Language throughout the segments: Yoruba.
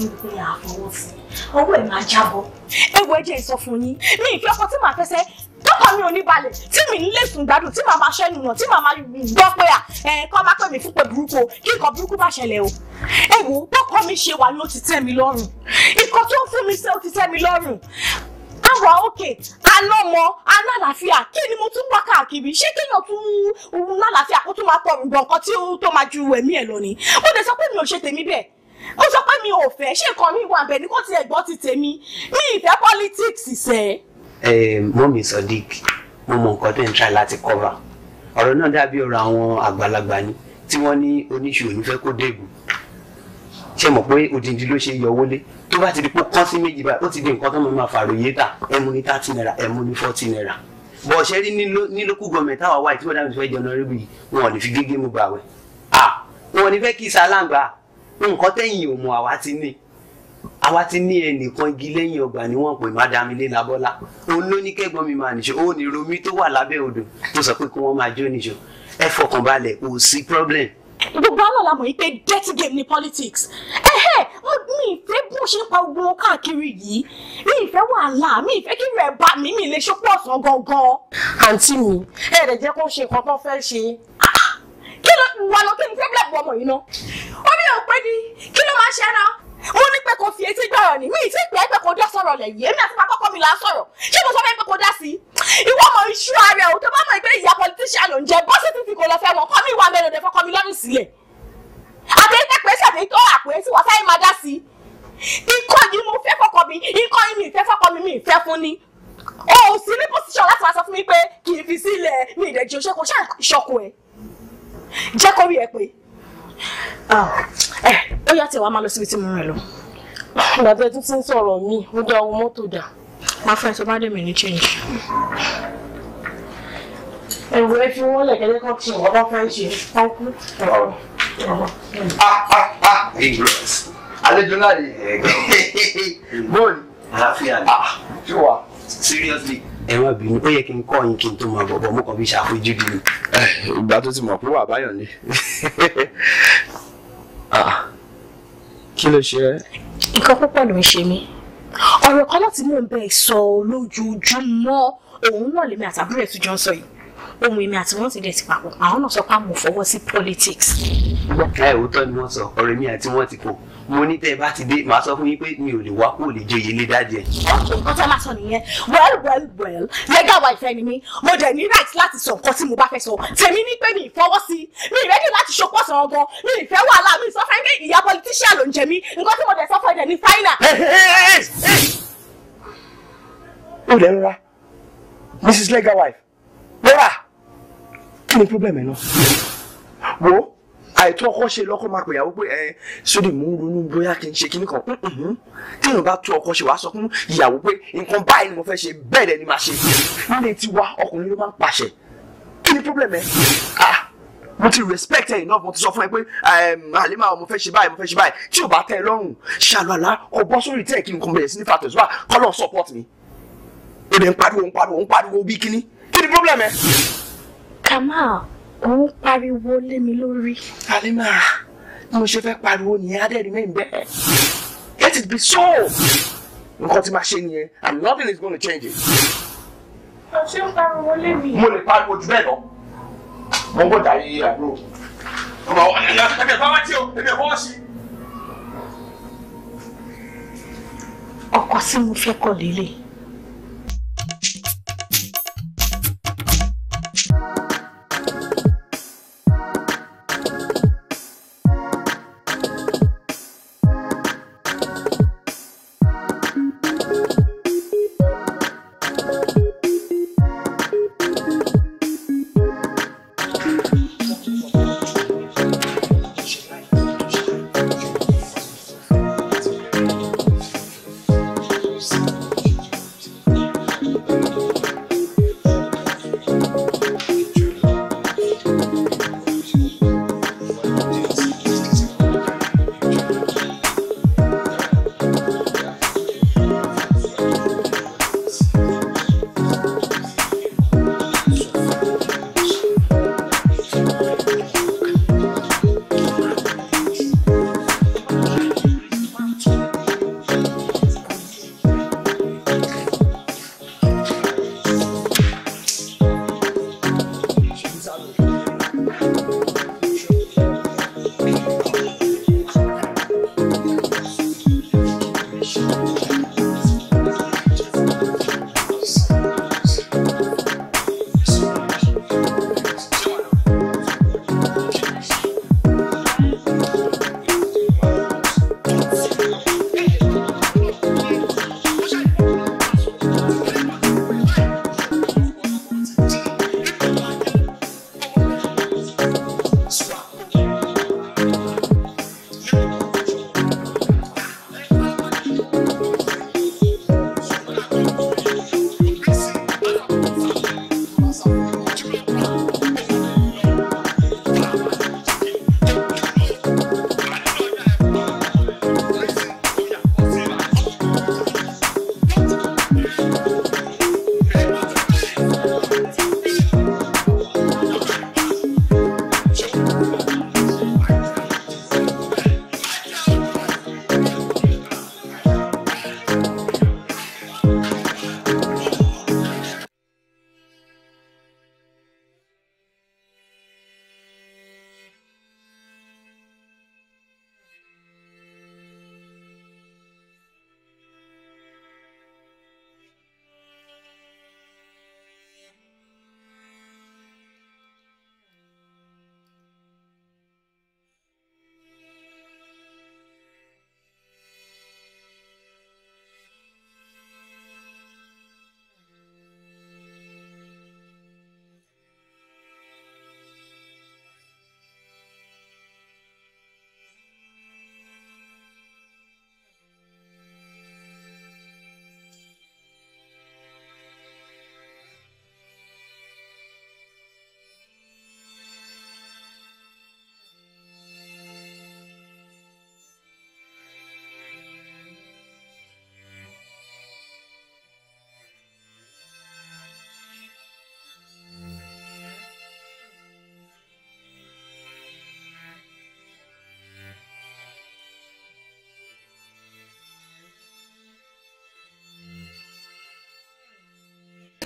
yín pé àfọwọ́ sí ọwọ́ ẹ̀ máa jábọ́. ẹ wo ẹjẹ ìsọ fún yín mi ìfẹ́ ọkọ tí màá fẹsẹ̀ tọkọ mi ò ní balẹ̀ tí mi lè sùn gbádùn tí màá máa ṣẹ́nu nà tí màá máa gbọ́ pé ẹ kọ́ máa pè mí fún pé burúkú o kí nǹkan burúkú má ṣẹlẹ̀ o. ẹ wo tọkọ mi ṣe wà ló ti tẹ́ mi lọ́rùn nǹkan tó ń fún mi ṣe ó ti tẹ́ mi lọ́rùn àwa òkè alọ́mọ alálàáfíà kí ni mo tún wá káàkiri ṣé kéèyàn tún òun lálàáfíà kó tún máa tọrùn bọ̀ nǹkan tí ó tó máa ju ẹ̀mí ẹ̀ lọ ni ó lè sọ pé mi ò ṣe tèmi bẹ́ẹ̀ ó sọ pé mi ò fẹ́ ṣé nǹkan mi wà bẹ́ẹ̀ ni kò tiẹ̀ gbọ́ ti tèmi mi ìfẹ́ politics sẹ́. ẹ mọ́mí Sodiq mo mọ nǹkan tó ń try láti cover ọ̀rọ̀ náà dàbí ọ̀rọ̀ àwọn àgbàlagbà ni tí wọ́n ní oníṣu ò ní fẹ́ kó débù ṣe mọ̀ pé odindi ló ṣe yọ wọlé tó bá ti di pé kán sí méjì báyìí ó ti di nǹkan tó mọ̀ máa fàròyé tà ẹmu ní thirty naira ẹmu ní forty naira bọ̀ ṣe rí ní local government táwa wáyé tí wọ́n dábìí fẹ́ jẹun náà rí bìí wọn ò lè fi gégé mu bàwẹ̀ ah wọn ò ní fẹ́ kí sàlágbà nǹkan tẹ́yìn ò mọ̀ àwa ti ní àwa ti ní ẹnìkan igi lẹ́yìn ọgbà ni wọ́n pè mádàmí ilé labọ́lá òun ló ní kẹ́gbọ́n mi máa nìṣó òun ní romi tó wà lábẹ́ odò tó sọ pé kí wọ́n máa jó nìṣó ẹ fọkàn kò sí problem. gbogbo àná la mọ̀ yìí pé dirty game ni politics ẹ̀hẹ́ mi ìfẹ́ bó ṣe ń pa gbogbo wọn káàkiri yìí mi ìfẹ́ wàhálà mi ìfẹ́ kí rẹ̀ bá mi mi lè ṣe pọ̀ sàn gangan. àǹtí mi ẹ̀ẹ́dẹ̀ jẹ́ kó ṣe nǹkan tó fẹ́ ṣe kí ló wà ló kí ni problem ọmọ yìí náà ó ní òpè ni kí ló máa ṣe ẹ náà mo ní pé kò fi etí gbọ́rọ̀ ni mi ì tí ì pé pé kò dá sọ̀rọ̀ lẹ̀ yìí èmi àti bàbá kọ́ mi là ń sọ̀rọ̀ ṣé mo sọ fẹ́ pé kò dá sí i ìwọ ọmọ iṣu ààrẹ o tó bá mọ̀ pé ìyá politician ló ń jẹ bọ́sì títí kò lọ fẹ́ wọn kọ́ mi ìwà mẹ́rin òde fọ́kọ́ mi lọ́rùn sílẹ̀ àtẹ̀yìntẹ́ pé ṣàtẹ̀yí tó àpè tí wọ́n sáyé máa dá sí i ikọ́ yìí mo fẹ́ fọ́kọ mi ikọ́ yìí mi ìfẹ́ fọ́kọ mi mi ìfẹ́ fún ni o ò sí ní pòsíṣàn láti máa sọ fún mi pé kì í fi sílẹ̀ mi ìdẹ̀jì òṣèkò ṣàṣọkù ẹ̀ jẹ́ kó rí ẹ pé ẹ ah, eh, ó yá tiẹ̀ wá máa lọ síbi tí mo rìn lọ. bàbá ẹ tún ti ń sọ̀rọ̀ mi ó dá owó mọ́tò dà. máa fẹ́ tó bá dé mi ní change. ẹ̀rù ẹ fi wọ́n lẹ̀kẹ́lẹ́ kan tí ìwọ bá fẹ́ ṣe pákó. Ah, ah, àlejò láàyè ẹ̀gbọ́n bóòlù àlàáfíà ni. seriously ẹ má bínú ó yẹ kí n kọ́ yín kí n tó máa bọ̀bọ̀ mo kàn fi ṣàfojú di ni. Eh, ìgbà tó ti mọ̀ pé wà báyọ̀ ni ah, kí ló ṣe ẹ́. nǹkan púpọ̀ ló ń ṣe mí ọ̀rọ̀ kan láti mú un bẹ́ẹ̀ sọ lójoojúmọ́ òun náà lèmi àtàbúrò ẹ̀ tó jọ ń sọ yìí ohun èmi àti wọn ti dẹ̀ ti papọ̀ àwọn náà sọ pé àwọn ò fọwọ́ sí politics. ẹ òótọ́ ni wọ́n sọ ọ̀rọ̀ èmi àti wọn ti pọ̀ mo ní tẹ́ ẹ bá ti dé màá sọ fún yín pé mi ò lè wá kúrò lè joyè lé dájú ẹ. nǹkan tí máa sọ nìyẹn well well well legal wife ẹni mi mo dẹ̀ ní right láti sọ nǹkan tí mo bá fẹ́ sọ tèmi ní pé mi ìfọwọ́ sí mi ìrẹ́dì láti ṣokọ́ sọ̀rọ̀ gan mi ìfẹ́ wàhálà mi sọ fún pé ìyá politician ló ń jẹ mí nǹkan tí mo dẹ̀ sọ fún ẹ̀dẹ̀ ní fáínà. ó lè rọra Mrs. legal wife rọra kí ni problem ẹ náà wo àìtọ́ ọkọ ṣe lọ́kọ máa pèyàwó pé ẹ sódì mò ń ronú bóyá kí n ṣe kíní kan téèyàn bá tún ọkọ ṣe wàá sọ fún ìyàwó pé nǹkan báyìí ni mo fẹ́ ṣe bẹ́ẹ̀ dẹ̀ ni màá ṣe nílé tiwa ọkùnrin ló máa ń pàṣẹ kí ni problem ẹ ah mo ti respect ẹ enough mo ti sọ fún ẹ pé àlema mo fẹ́ ṣe báyìí mo fẹ́ ṣe báyìí tí ò bá tẹ́ ẹ lọ́rùn ṣàlùwàlá kò bọ́ sórí tẹ́ kí nǹkan bẹ̀rẹ̀ sí ní factors wà kọ́lọ̀ support mi ó dẹ̀ ń pariwo ń pariwo ń pariwo bí kíní kí ni problem ẹ. Kamal ò ń pariwo lé mi lórí. alimara bí mo ṣe fẹ́ pariwo nìyẹn adẹ́rìí mi bẹ́ẹ̀ let it be so nǹkan tí máa ṣe nìyẹn and nothing is gonna change it. ọ̀ṣẹ́ ń pariwo lé mi. mo lè pariwo jù bẹ́ẹ̀ lọ mo ń bọ̀ darí àbúrò ọmọ ẹ̀mí ẹ̀fọ́ wá tí o ẹ̀mí ẹ̀fọ́ wá sí. ọkọ sí mo fẹ́ kọ̀ lélẹ̀.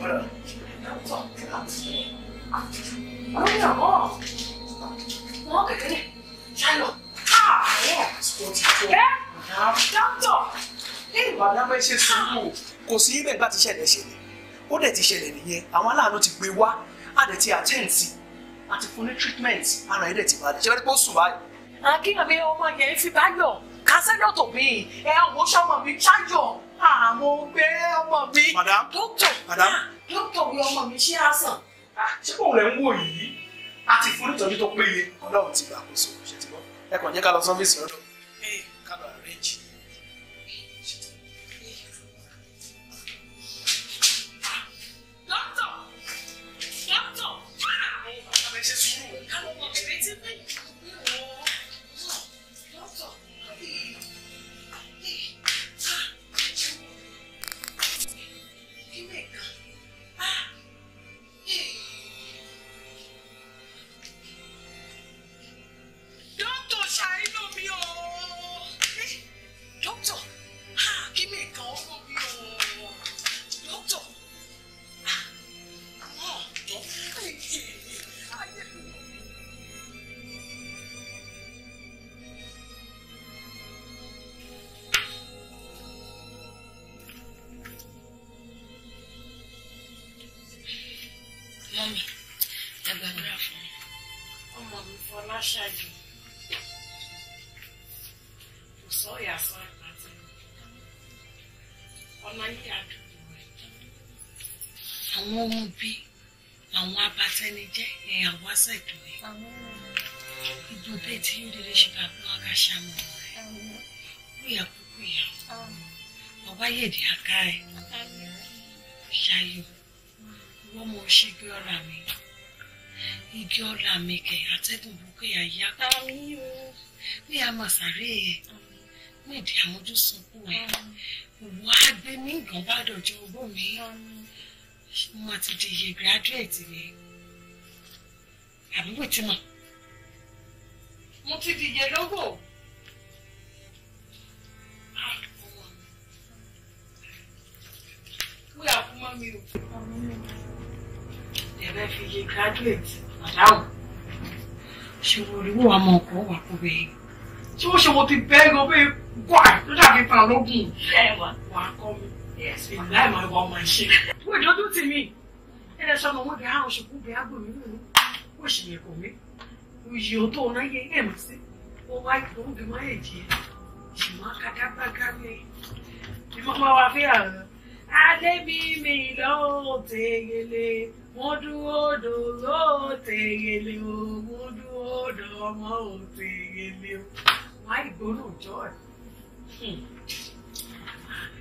Bruh, Kò sí ibẹ̀ bá ti ṣẹlẹ̀ ṣẹlẹ̀, ó dẹ̀ ti ṣẹlẹ̀ nìyẹn, àwọn aláàánú ti gbé wá, á ti attend sí, fún ní treatment, ara ẹ̀ dẹ̀ ti balẹ̀, ṣe bá ti sùn báyìí. Àkíyàn mi ọmọ yẹn fi bá yọ̀, kásẹ́dọ̀ tó mi, ẹ̀ wò sọ́mọ mi ṣáyọ̀, àwọn ọgbẹ́ ọmọ mi. Madam, Madam, dókítà wí ọmọ mi ṣé á sàn. ṣé kò rẹ̀ ń wò yìí a ti fún nítọ́jú tó péye ọlọ́run ti gbàgbọ́sọ ṣètìmọ́ ẹ kàn jẹ́ ká lọ sọ́fíìsì ọ̀dọ̀ àwọn ohun bíi àwọn abatẹnijẹ́ èèyàn wá ṣètò rẹ̀ ìbò bẹ́ẹ̀ tí yóò dédé ṣe bá fún àkàṣà mọ̀ rẹ̀ kúyà kúkú ìyá ọba yèdè àká rẹ̀ ṣayọ̀ wọ́n mọ ṣe igi ọ̀la mi igi ọ̀la mi kẹ̀ àtẹ́gùn burúkú ìyá ìyá kan ní àmàsàrí ẹ̀ ní ìdí àmójúsùn kù ẹ̀ wàá gbé ní ìgbọ̀nbádọ̀jọ́ ọgbọ́n mi ṣé mo máa ti jòyè graduate ni àbí wò tí mà mo ti dìyẹ lọ́wọ́ ah, wí àkúmọ́ mi o ẹ̀rẹ́ fi yẹ graduate madam ṣe wo oríwó àmọ́ ọkọ̀ wà kó bẹ́ẹ̀ tí wọ́n ṣe mo ti bẹ́ẹ̀ gan bẹ́ẹ̀ gbọ́ àìsí ló dàbí pa lógún wà kọ́ mi. Yes, we lie my one man shit. What you do to me? And I saw my mother how she could be able to What she make for me? With your tone, I am say, Oh, why don't be my age? She mark at that back at me. If I'm our fear, I let me me low tegele. Mo dúró dòró tegele o, mo dúró dòró tegele o. Why go no joy? Hmm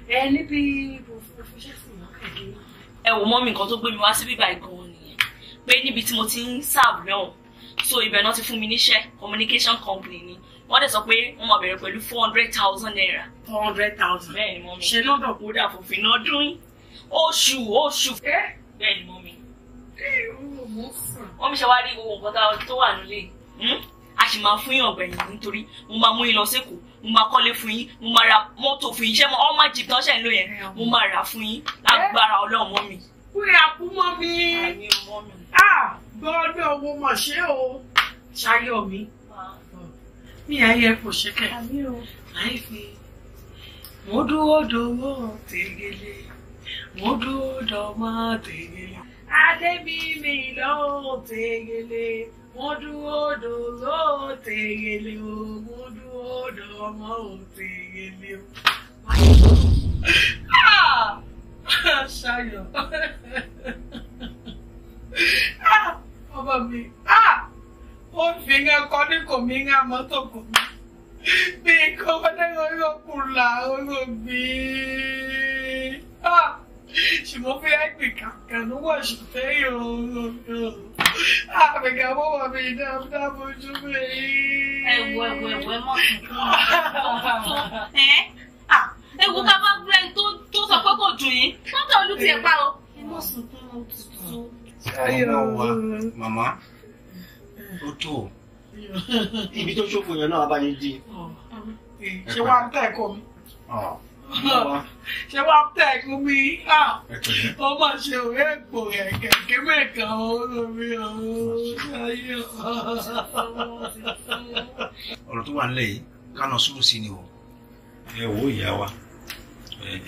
ẹ níbi ìbò fúnfúnṣẹ́ sì mọ́ kàdé náà. ẹ wò mọ́ mi nǹkan tó gbé mi wá sí bíbá ìgbọ̀n nìyẹn pé níbi tí mo ti ń serve náà so ibẹ̀ náà ti fún mi níṣẹ́ communication company ni wọ́n dẹ̀ sọ pé wọ́n máa bẹ̀rẹ̀ pẹ̀lú four hundred thousand naira. four hundred thousand bẹ́ẹ̀ ni mọ́ mi. ṣe lọ́dọ̀ kó dà fòfin náà dún oṣù oṣù. bẹ́ẹ̀ ni mọ́ mi. wọ́n mi ṣe wá rí gbogbo nǹkan tó wà nílé hmm? a sì máa fún yàn ọ̀gbẹ̀yìn nítorí mo máa mú yín lọ sẹ́kọ̀ọ́ mo máa kọ́lé fún yín mo máa ra mọ́tò fún yín ṣé mo ọmọ jìp tán ṣẹ̀ ń lò yẹn mo máa rà fún yín lágbára ọlọ́run mọ́ mi. kúrẹ́ àkú mọ́ mi gbọ́dọ̀ wo mọ̀ ṣé o ṣayọ̀ mi mi ayé kò ṣẹ́kẹ̀ láì fi mo dúró dòwó tègélé mo dúró dòwó tègélé adébí lọ́wọ́ tègélé mo dúró dòró tẹ̀yẹlẹ o mo dúró dòmọ o tẹ̀yẹlẹ o. ṣayọ ọmọ mi ah! ó fi ń kọ ní kò mí ń mọ́tò kò mí bí kò wọlé orí òkun là orí òbí ah! ṣùgbọ́n fi ẹgbẹ̀kan kan ló wọ̀ ṣùgbọ́n yòó yòó àbẹ̀kà mọ́ wà mí dáàbò dáàbò ojú mi. ẹ̀wọ̀ ẹ̀wọ̀ ẹ̀wọ̀ ẹ̀ mọ̀ tuntun ọ̀gbà tó ẹ̀ ẹ̀ wò ká bá gbé ẹni tó sọ pé kò dùn yín wọ́n tẹ̀ olú tiẹ̀ pa ibi tó ṣòfò yẹn náà abáyé dín. ṣé wàá tẹ̀ ẹ̀kọ́ mi ṣé wàá tẹ̀kún mi ó mà ṣe òwe ègbò rẹ̀ kẹ̀kẹ́ mẹ́kan olórí ayé ọ̀rọ̀ tó wà nílẹ̀ yìí kánà sùúrù sí ni o ẹ wo ìyá wa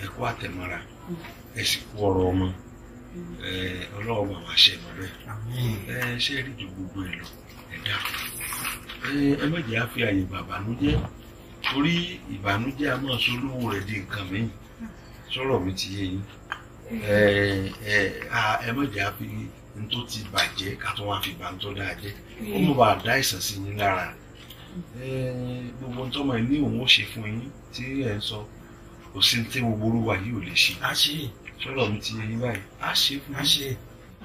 ẹ kú àtẹ̀mọ́ra ẹ sì kú ọ̀rọ̀ ọmọ ọlọ́wọ́ bá wa ṣe lọ́dọ̀ ẹ ṣe rí ju gbogbo ẹ lọ ẹ dákun ẹ mẹ́jẹ̀ á fi àyè bàbá nú jẹ́ torí ìbànújẹ́ a máa solówó rẹ̀ di nǹkan mìíràn sọ̀rọ̀ mi ti yé yín ẹ ẹ ẹ mọ̀jà fi n tó ti bàjẹ́ ká tó wá fi bá ń tọ́ dáa jẹ́ ó mọ̀ bá dá ìsàn sí yín lára gbogbo tọ́mọ ẹ̀ ní òun ó ṣe fún yín tí ẹ̀ ń sọ kò sí ní tí gbogbo olúwa yìí ò lè ṣe. a ṣe sọ̀rọ̀ mi ti yé yín báyìí a ṣe fún yín.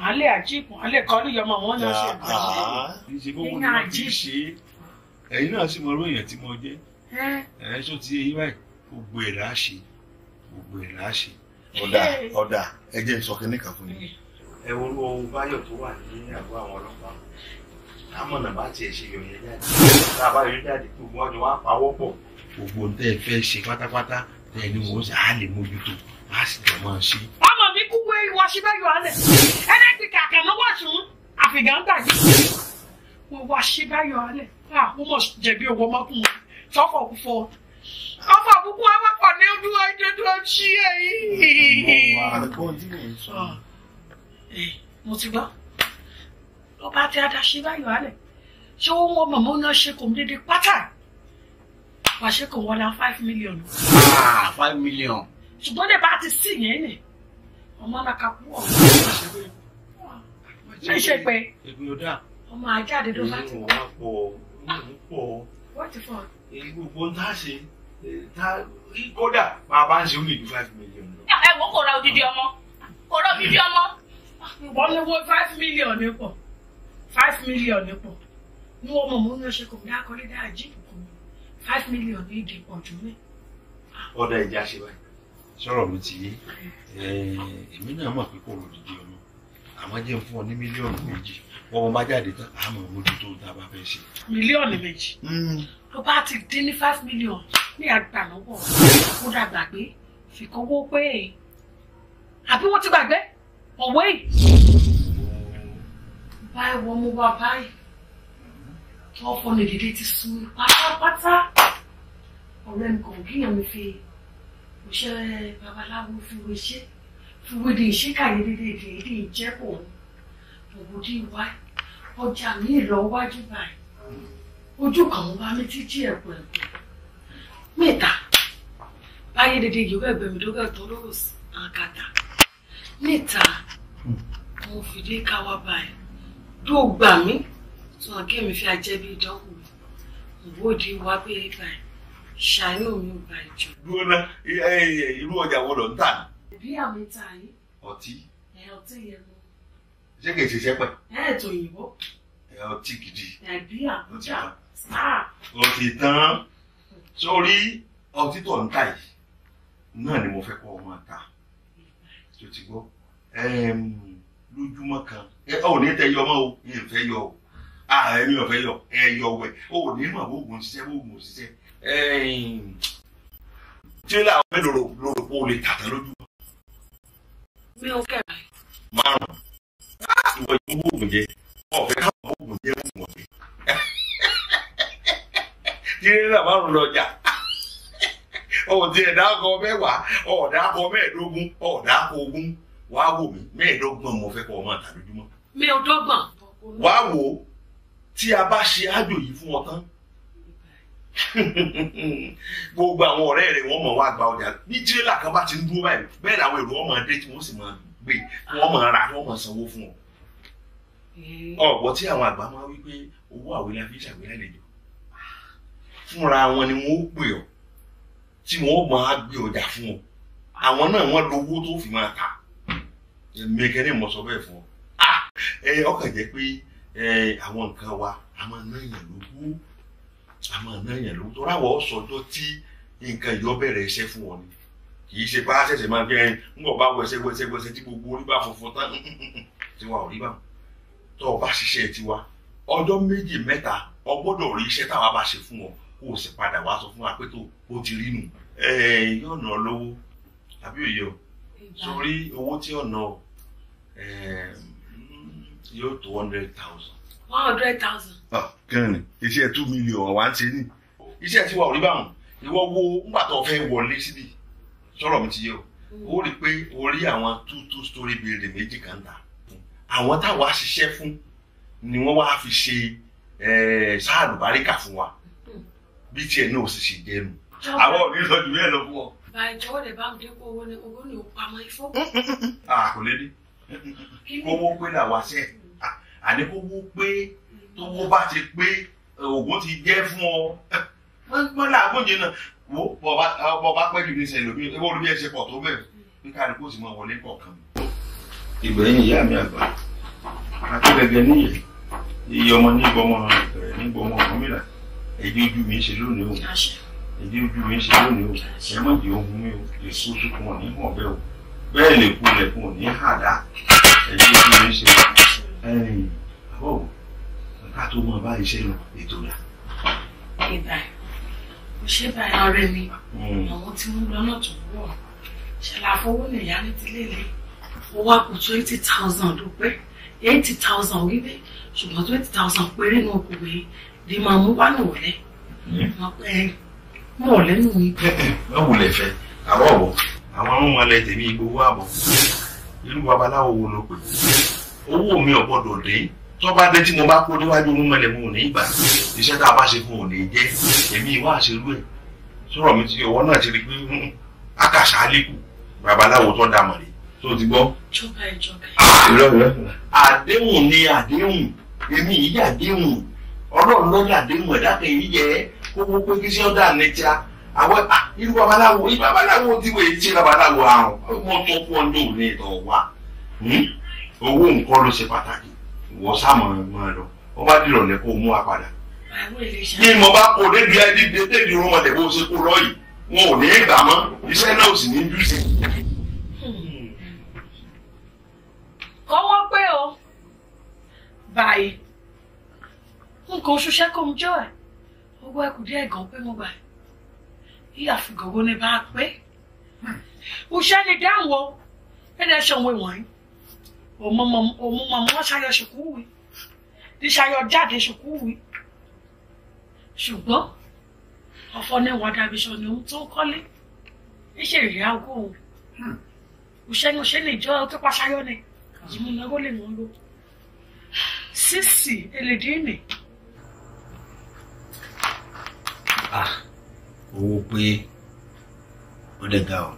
alẹ́ àjíkùn alẹ́ kan ní ìyọmọ wọn náà ṣe nǹkan ṣe. ìṣègùn wọn ni ẹ̀yin náà sì mọ orí èèyàn tí mo jẹ́ ẹ tó ti eyín báyìí gbogbo ẹ̀ láṣẹ gbogbo ẹ̀ láṣẹ. ọ̀dà ọ̀dà ẹ jẹ́ ìsọkí nìkan fún yín. ẹ wo ló ohun báyọ̀ tó wà ní àgọ́ àwọn ọlọ́pàá àmọ̀nà bá tiẹ̀ ṣe yọ̀ yẹn jáde tá a bá yọ̀ jáde gbogbo wọn ni wọ́n á pawọ́ pọ̀ gbogbo ohun tẹ́ ẹ fẹ́ ṣe pátápátá tẹ́ ẹ ní wọ́n ṣe á lè mójútó á sì jọ máa ṣe. ọmọ mi kú wé ìwọ sí bẹ́ẹ̀ yọ alẹ̀ ẹlẹ́tì kàkà lọ́wọ́ sùn àfìgàn gbàgbé wọ́n wá sí bẹ́ẹ̀ yọ alẹ̀ ah wọ́n tsɔkɔkufo ɔfɔ kuku ava kɔ ne du ɛdodo tsi eyi. mo ti gbọ́ ló bá ti adaṣe báyọ̀ alẹ̀ ṣé ó ń wọ màmá náà ṣe kò ń dédé pátá wàá ṣe kò wọlé five million. Ah, five million. ṣùgbọ́n lè bá ti sí yẹn nì ọmọ náà kà kú ọ̀ ní ṣe pé ọmọ ajáde ló bá ti wọ́n. wọ́n ti fọ́ ọ gbogbo ń tá a ṣe tá kódà bàbá ń ṣe ó five million lọ. ẹ wo kò ra odidi ọmọ kò ra odidi ọmọ. wọ́n lè wo five million ní pọ̀ five million ní pọ̀ ní wọ́n mọ̀ mọ́ ní ọ̀ṣẹ́ kò ní akọ́lé dá àjíǹkù kò ní five million ní ìdí pọ̀ jù mí. ọ̀dà ìjà ṣe báyìí sọ̀rọ̀ mi ti yé èmi náà mọ̀ pé kò rò dídí ọmọ àmọ́ jẹ́ fún ọ ní mílíọ̀nù méjì wọ́n mo bá jáde tán àmọ́ mójútó tá a bá fẹ́ ṣe. mílíọ̀nù méjì hmm. tó bá ti dín ní five million ní àgbà lọ́wọ́ ó dàgbà pé fi kówó pé àbí wọ́n ti gbàgbé ọ̀wé báyìí wọ́n mú wa báyìí tọ́pọ̀ ní dídé ti sún mi pátápátá ọ̀rẹ́ mi kò kíyàn mi fi òṣèré babaláwo fi wọ́n ṣe Ubudishika yìí lè jẹ́ òun òbòdì wá ọjà ní ìlọ́wájú báyìí ojú kan ń wá mi títí ẹ̀pọ̀ ẹ̀pọ̀ mẹ́ta báyé dédé yìí wọ́n ẹgbẹ̀mí ló gbẹ̀tọ́ lóró sí àkàtà mẹ́ta mo fìdí káwá báyìí tó gbà mí tó hàn kémi fi ajẹ́ bí ìdánwò mi òbòdì wá bẹ́ẹ̀ báyìí ṣàánú mi ò bá ìjọ. dúró ná irú ọjà wo ló ń tà ní bíríà mẹ́ta yìí. ọtí. ẹ ọtí yẹn mọ. ṣé kìí ṣiṣẹ́ pẹ̀. ẹ ètò òyìnbó. ẹ ọtí gidi. ẹ bíríà kúta sáà. o ti tán sórí ọtí tó ń ta yìí náà ni mo fẹ́ kọ́ ọ máa ta tó ti gbọ́ lójúmọ́ kan ọ ò ní tẹ yọ ọmọ o mi ò fẹ́ yọ o ààrẹ mi ò fẹ́ yọ ẹ yọ wẹ̀ o ò ní mọ̀ oògùn ṣiṣẹ́ oògùn ṣiṣẹ́ tí ó láwọn mélòó lòrò kó o lè tàtà lójú mi ò kẹ́ mi. márùn ìwọ yìí ń wóògùn jẹ ọ̀fẹ́ káwọn wóògùn jẹ ń wọ̀n jẹ. tirẹ́là márùn lọ́jà ọ̀dì ẹ̀dá akọ mẹ́wàá ọ̀dà akọ mẹ́ẹ̀ẹ́dógún ọ̀dà akọ ogún wàá wò mí mẹ́ẹ̀ẹ́dọ́gbọ̀n mo fẹ́ kọ́ ọmọ àtàlójúmọ́. mi ò dọ́gbọ̀n. wàá wò tí a bá ṣe ájò yìí fún ọ tán gbogbo àwọn ọ̀rẹ́ rẹ̀ wọ́n mọ̀ wá gba ọjà ní tirẹ́là kan bá ti ń dúró báyìí bẹ́ẹ̀ làwọn èrò ọmọ dé tí wọ́n sì máa gbé wọ́n máa ra wọ́n máa sanwó fún ọ. Eh. ọ̀pọ̀ tí àwọn àgbà máa wí pé owó àwé la fi ṣàwé lálejò fúnra wọn ni wọn ó pè ọ tí wọn ó máa gbé ọjà fún ọ àwọn náà wọn lo owó tó fi máa ta mẹkẹ ní mọ̀sọ́ bẹ́ẹ̀ fún ọ. Ah! ọkàn jẹ́ pé àwọn nǹkan wa a máa náyàn lógún àmọ́ ọ̀nà yẹn ló tó ráwọ̀ sọjọ́ tí nǹkan ìyọ́ bẹ̀rẹ̀ iṣẹ́ fún wọn ni kì í ṣe bá ṣẹ̀ṣẹ̀ máa bí ẹyin ń bọ̀ bá wẹsẹ̀ wẹsẹ̀ wẹsẹ̀ tí gbogbo orí bá funfun tán tiwa ò rí bá tó o bá ṣiṣẹ́ tiwa ọjọ́ méjì mẹ́ta o gbọ́dọ̀ rí iṣẹ́ táwa bá ṣe fún ọ kó o sì padà wá sọ fún wa pé tó o ti rí nù yóò nà ọ lówó àbí òye o sórí owó tí ọ̀nà yóò tó one hundred thousand one hundred thousand. Ah, kẹrin iṣẹ́ two million ọ̀wá ń ṣe ní. iṣẹ́ tiwa ò rí báwọn ìwọ wo ńgbà tó fẹ́ wọlé síbi sọ̀rọ̀ mi ti yẹ o mm. ó rí i pé orí àwọn two two story building méjì kan ta àwọn táwa ṣiṣẹ́ fún ni wọ́n wá fi ṣe sáàlù báríkà fún wa mm. bí tiẹ̀ náà ò sì ṣe jẹ́ nu àwọn ò ní lọ jù bẹ́ẹ̀ lọ fún ọ. báyìí jọ̀wọ́ lè bá mi dé kó owó ni owó ni ò pamọ́ ifó. a ah, kò lè dé kówó pé làwa ṣe àní kó wó pé tó wó bá ti pé ògùn ti jẹ́ fún ọ wọ́n làágùn yìí náà wo bọ̀ bá pẹ́ jù ní sẹ́yìn lóbi ẹ bọ́ olóbi ẹ ṣe pọ̀ tó bẹ̀rẹ̀ ní káàdì kó sì mọ wọlé kọ̀ọ̀kan. ìgbẹ̀yìn ìyá mi àgbà akérèdè níyì iye ọmọ ní ìgbọmọ rẹ ní ìgbọmọ ọmọmìlà èdè ojú mi ṣe lónìí o èdè ojú mi ṣe lónìí o ẹ má jẹ ohun mi o èso sókun wọn ní hàn bẹ́ẹ̀ o bẹ́ẹ̀ lè kú lẹ̀kùn ní hàdá èdè ojú mi ṣe ẹ̀yìn àbọ̀ wò ká tó mọ bá iṣẹ́ lọ ètò rẹ̀. ìbà òṣè báyà ọ̀rẹ́ mi hmm. àwọn tí wọn lọ náà tó wọ ṣẹlẹ̀ àfọwọ́nà ìyá ní tilé ilé ó wá kù twenty thousand ló pé eighty thousand wíwé ṣùgbọ́n twenty thousand péré náà kò wé bí máa mú wá nù wọlé mọ̀ lẹ́nu mi. báwo lè fẹ́ àbọ̀ wọ̀ àwọn ọmọ alẹ́ tèmi gbowó àbọ̀ irú babaláwo wo ló pè owó mi ò gbọ́dọ̀ dé tó bá dé tí mo bá kó déwájú onímọ̀lẹ̀ mo ní ìgbà iṣẹ́ tá a bá ṣe fún òní jẹ́ èmi ìwà àṣerú ẹ̀ sọ̀rọ̀ mi ti ọwọ́ náà ti rí pé àkàṣà àlékù babaláwo tó dà mọ̀lẹ́ tó ti gbọ́. ìjọba ah! ìjọba. àdéhùn ni àdéhùn èmi yìí jẹ́ àdéhùn ọlọ́run lọ́jọ́ àdéhùn ẹ̀dá kan yìí jẹ́ kókó pé kí sí ọ̀dà nìjà àwọn irú babaláwo irú babaláwo tí wọ́n ti babaláwo àrùn mo tó fún ọdún òní ìtọ̀ wa hmm? owó nǹkan ló ṣe pàtàkì wọ́n sáàmù wọn lọ wọ́n bá dìrọ̀ lẹ́ kó mú wa padà. bí mo bá kó débi débi débi rọmọdé bó ṣe kó lọ yìí wọn ò ní í gbà mọ́ iṣẹ́ náà ò sì ní í dùn sí. kọ́wọ́ pé o báyìí nǹkan oṣù ṣẹ́kọ̀ọ́ jọ ẹ̀ owó ẹ̀kú díẹ̀ gan pé mo gbà yíyà fún gògó ni bá a pé òṣèlè dáhùn o ẹ̀ dẹ́ ṣọ̀wé wọ̀nyí òmùmọ̀mọ́ ṣayọ ṣìkúwì ṣíṣayọ jáde ṣìkúwì ṣùgbọ́n ọ̀fọ̀ ní wàdà bíṣọ ni òun tó ń ní ṣe ìyá òun òṣèlú òṣèlú ìjọ tó pàṣayọ ni ìmú náà ó lè mú lò sísì elédìínì. Ah, owó pé ó lè ga ọ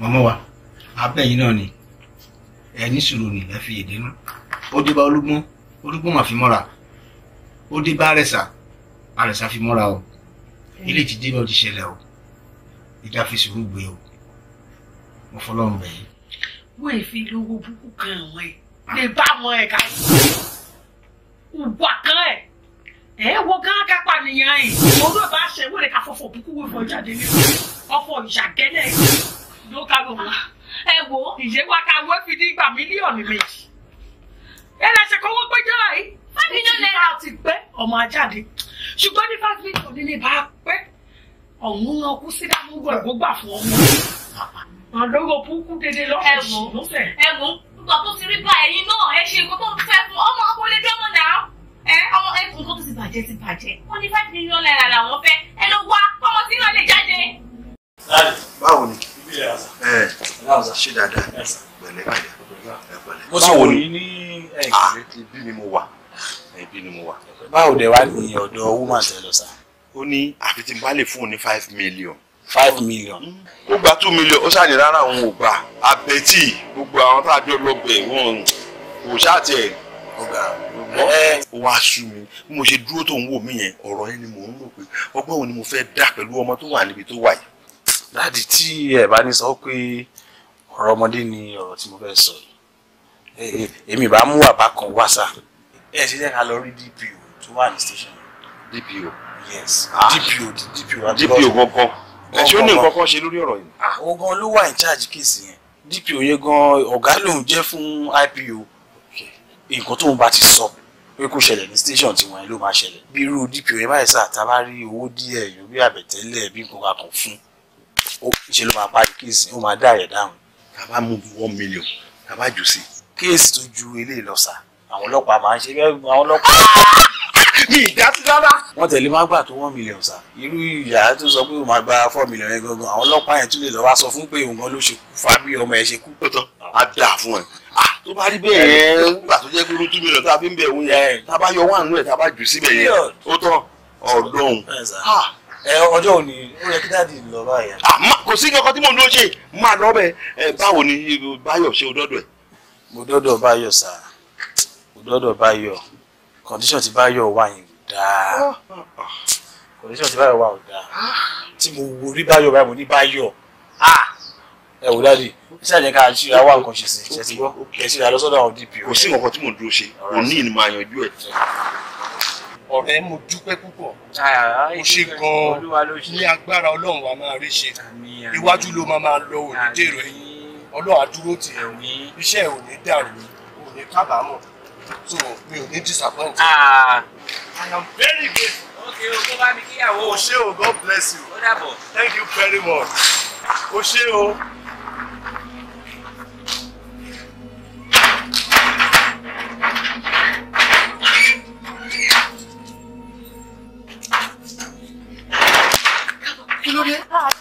màmá wa abẹ́ yìí náà ni ẹ ní sùúrù ni ẹ fi èdè náà ó dé bá olúgbọ́n olúgbọ́n mà fi mọ́ra ó dé bá àrẹ̀sà àrẹ̀sà fi mọ́ra o ilé ti dé bá ó ti ṣẹlẹ̀ o ìjà fi sùúrù gbé o mo fọlọ́run bẹ̀ yìí. wọ́n ì fi lówó búkú kan àwọn ẹ̀ lè bá àwọn ẹ̀ka ìwà kan ẹ̀ ẹ̀ wo gán kápá nìyẹn ẹ̀ òun ló bá ṣe wọ́n lè ka fọ̀fọ̀ búkú wọ́n fọ̀ jáde nínú ọkọ̀ yìí ló ká lọ́wọ́ ẹ wo ìyé wa ká wé fi dígbà mílíọ̀nù méjì ẹ lè ṣe kówó péjọ yìí five million naira ti pé ọmọ ajáde ṣùgbọ́n ní five million nílé bá pé ọ̀hún náà kú sí dáhùngọ̀ ẹ̀kọ́ gbà fún ọmọ àdógò púpù dédé lọ́sẹ̀ lọ́sẹ̀. ẹ wo nígbà tó ti rí bá ẹ̀yin náà ẹ ṣe nǹkan tó ń fẹ́ fún ọmọ akólédọ́mọ náà ẹ ọmọ ẹkùn tó ti bàjẹ́ ti bàjẹ́ wọ́n ní five million naira làwọn fẹ́ ẹ lọ wá kọ́mọ tí náà lè jáde. báwo ni ẹ ṣe dáadáa pẹ̀lẹ́ pẹ̀lẹ́ pẹ̀lẹ́. mo ti wò ní ní ẹ̀yìn ah. ibi ni mo wà ibi ni mo wà. báwo dẹ̀ wá ní ọ̀dọ̀ woman tẹ lọ sá. ó ní àfi tí n bá lè fún un ní five million. five million. Hmm. ó gba two million ó ṣàní rárá òun ò gbà abẹ́tì gbogbo àwọn tá a jọ lọ bẹ̀ wọ́n kò ṣáà tiẹ̀ wá sú mi bí mo ṣe dúró tó ń wò mí yẹn ọ̀rọ̀ yẹn ni mò ń rò pé ọgbọ́n wo ni mo fẹ́ dá pẹ̀lú ọmọ tó wà níbi tó wà yìí dáàdì tí ẹ bá ní sọ pé ọ̀rọ̀ ọmọdé ni ọ̀rọ̀ tí mo fẹ́ sọ yìí èmi bá mú àbá kan wá sá ẹ ṣe jẹ́ ká lọ rí DPO tó wà ní station. DPO. yes ah. DPO DPO. DPO gangan ẹ ṣé ó ní nǹkan kan ṣe lórí ọ̀rọ̀ yìí. àwọn ah, gan ló wà in charge kéèsì yẹn DPO yẹn gan ọ̀gá lòun jẹ́ fún IPO nǹkan tóun bá ti sọ pé kó ṣẹlẹ̀ ní station tí wọ́n ló máa ṣẹlẹ̀ bí irú DPO yẹn báyìí sá tá a bá rí owó díẹ̀ yóò bí àbẹ̀tẹ́lẹ̀ bí nǹkan kan fún ṣe ló máa parí kéèsì ó máa dá rẹ̀ dáhùn. bàbá mú bí one million bàbá jù sí. kéèsì tó ju eléyìí lọ sà àwọn ọlọ́pàá máa ń ṣe bẹ́ẹ̀ àwọn ọlọ́pàá. mi ìdá sí rárá. wọ́n tẹ̀lé má gbà tó one million sà irú ìyá tó sọ pé òun máa gba four million yẹn gangan àwọn ọlọ́pàá yẹn tún lè lọ́ọ́ wá sọ fún pé òun gan ló ṣe kú fa bí ọmọ ẹ̀ ṣe kú. ó a á dà fún ẹ tó bá rí bẹ́ẹ̀ yẹn nígbà tó jẹ́ pé irú two million tá a fi ń bẹ̀ òun yẹn tá a bá yọ wáànú ẹ̀ tá a bá jù síbẹ̀ yẹn ó tán ọ̀dọ́hùn ẹ ọjọ́ òní ó yẹ kí dáàdi lọ báyà. Ah, kò sí kankan tí mò ń dúró ṣe máa lọ bẹ ẹ báwo ni báyọ̀ ṣe òdọ́dọ̀ ẹ̀. mo dọ́dọ̀ báyọ̀ sá mo dọ́dọ̀ báyọ̀ condition ti báyọ̀ wà yẹn dáa ah, condition ti báyọ̀ wà ò dáa tí mo wo rí báyọ̀ báyọ̀ mo ní báyọ̀ ah! ẹ wò dáàdi iṣẹ́ àjẹ́ ká ṣe àwọn nǹkan ṣe sí ṣe ti gbọ́ ẹ ṣe àlọ́sọ́dọ̀ àwọn dp. kò sí kankan tí mò ń dúró ṣe òní ni màá yanjú ẹ̀ ọ̀rẹ́ mo dúpẹ́ púpọ̀ mo ṣe gan ní agbára ọlọ́run wa máa rí ṣe iwájú ló máa máa lọ òní dèrò ẹ̀yìn ọlọ́run àdúró tì iṣẹ́ ò dàrú ò kábàámọ̀ so mi ò ní disappoint. I am very grateful. Okay, o tó bá mi kíyàwó. o ṣé o God bless you. ó dàbọ̀. Thank you very much. o ṣé o. kí ló dé.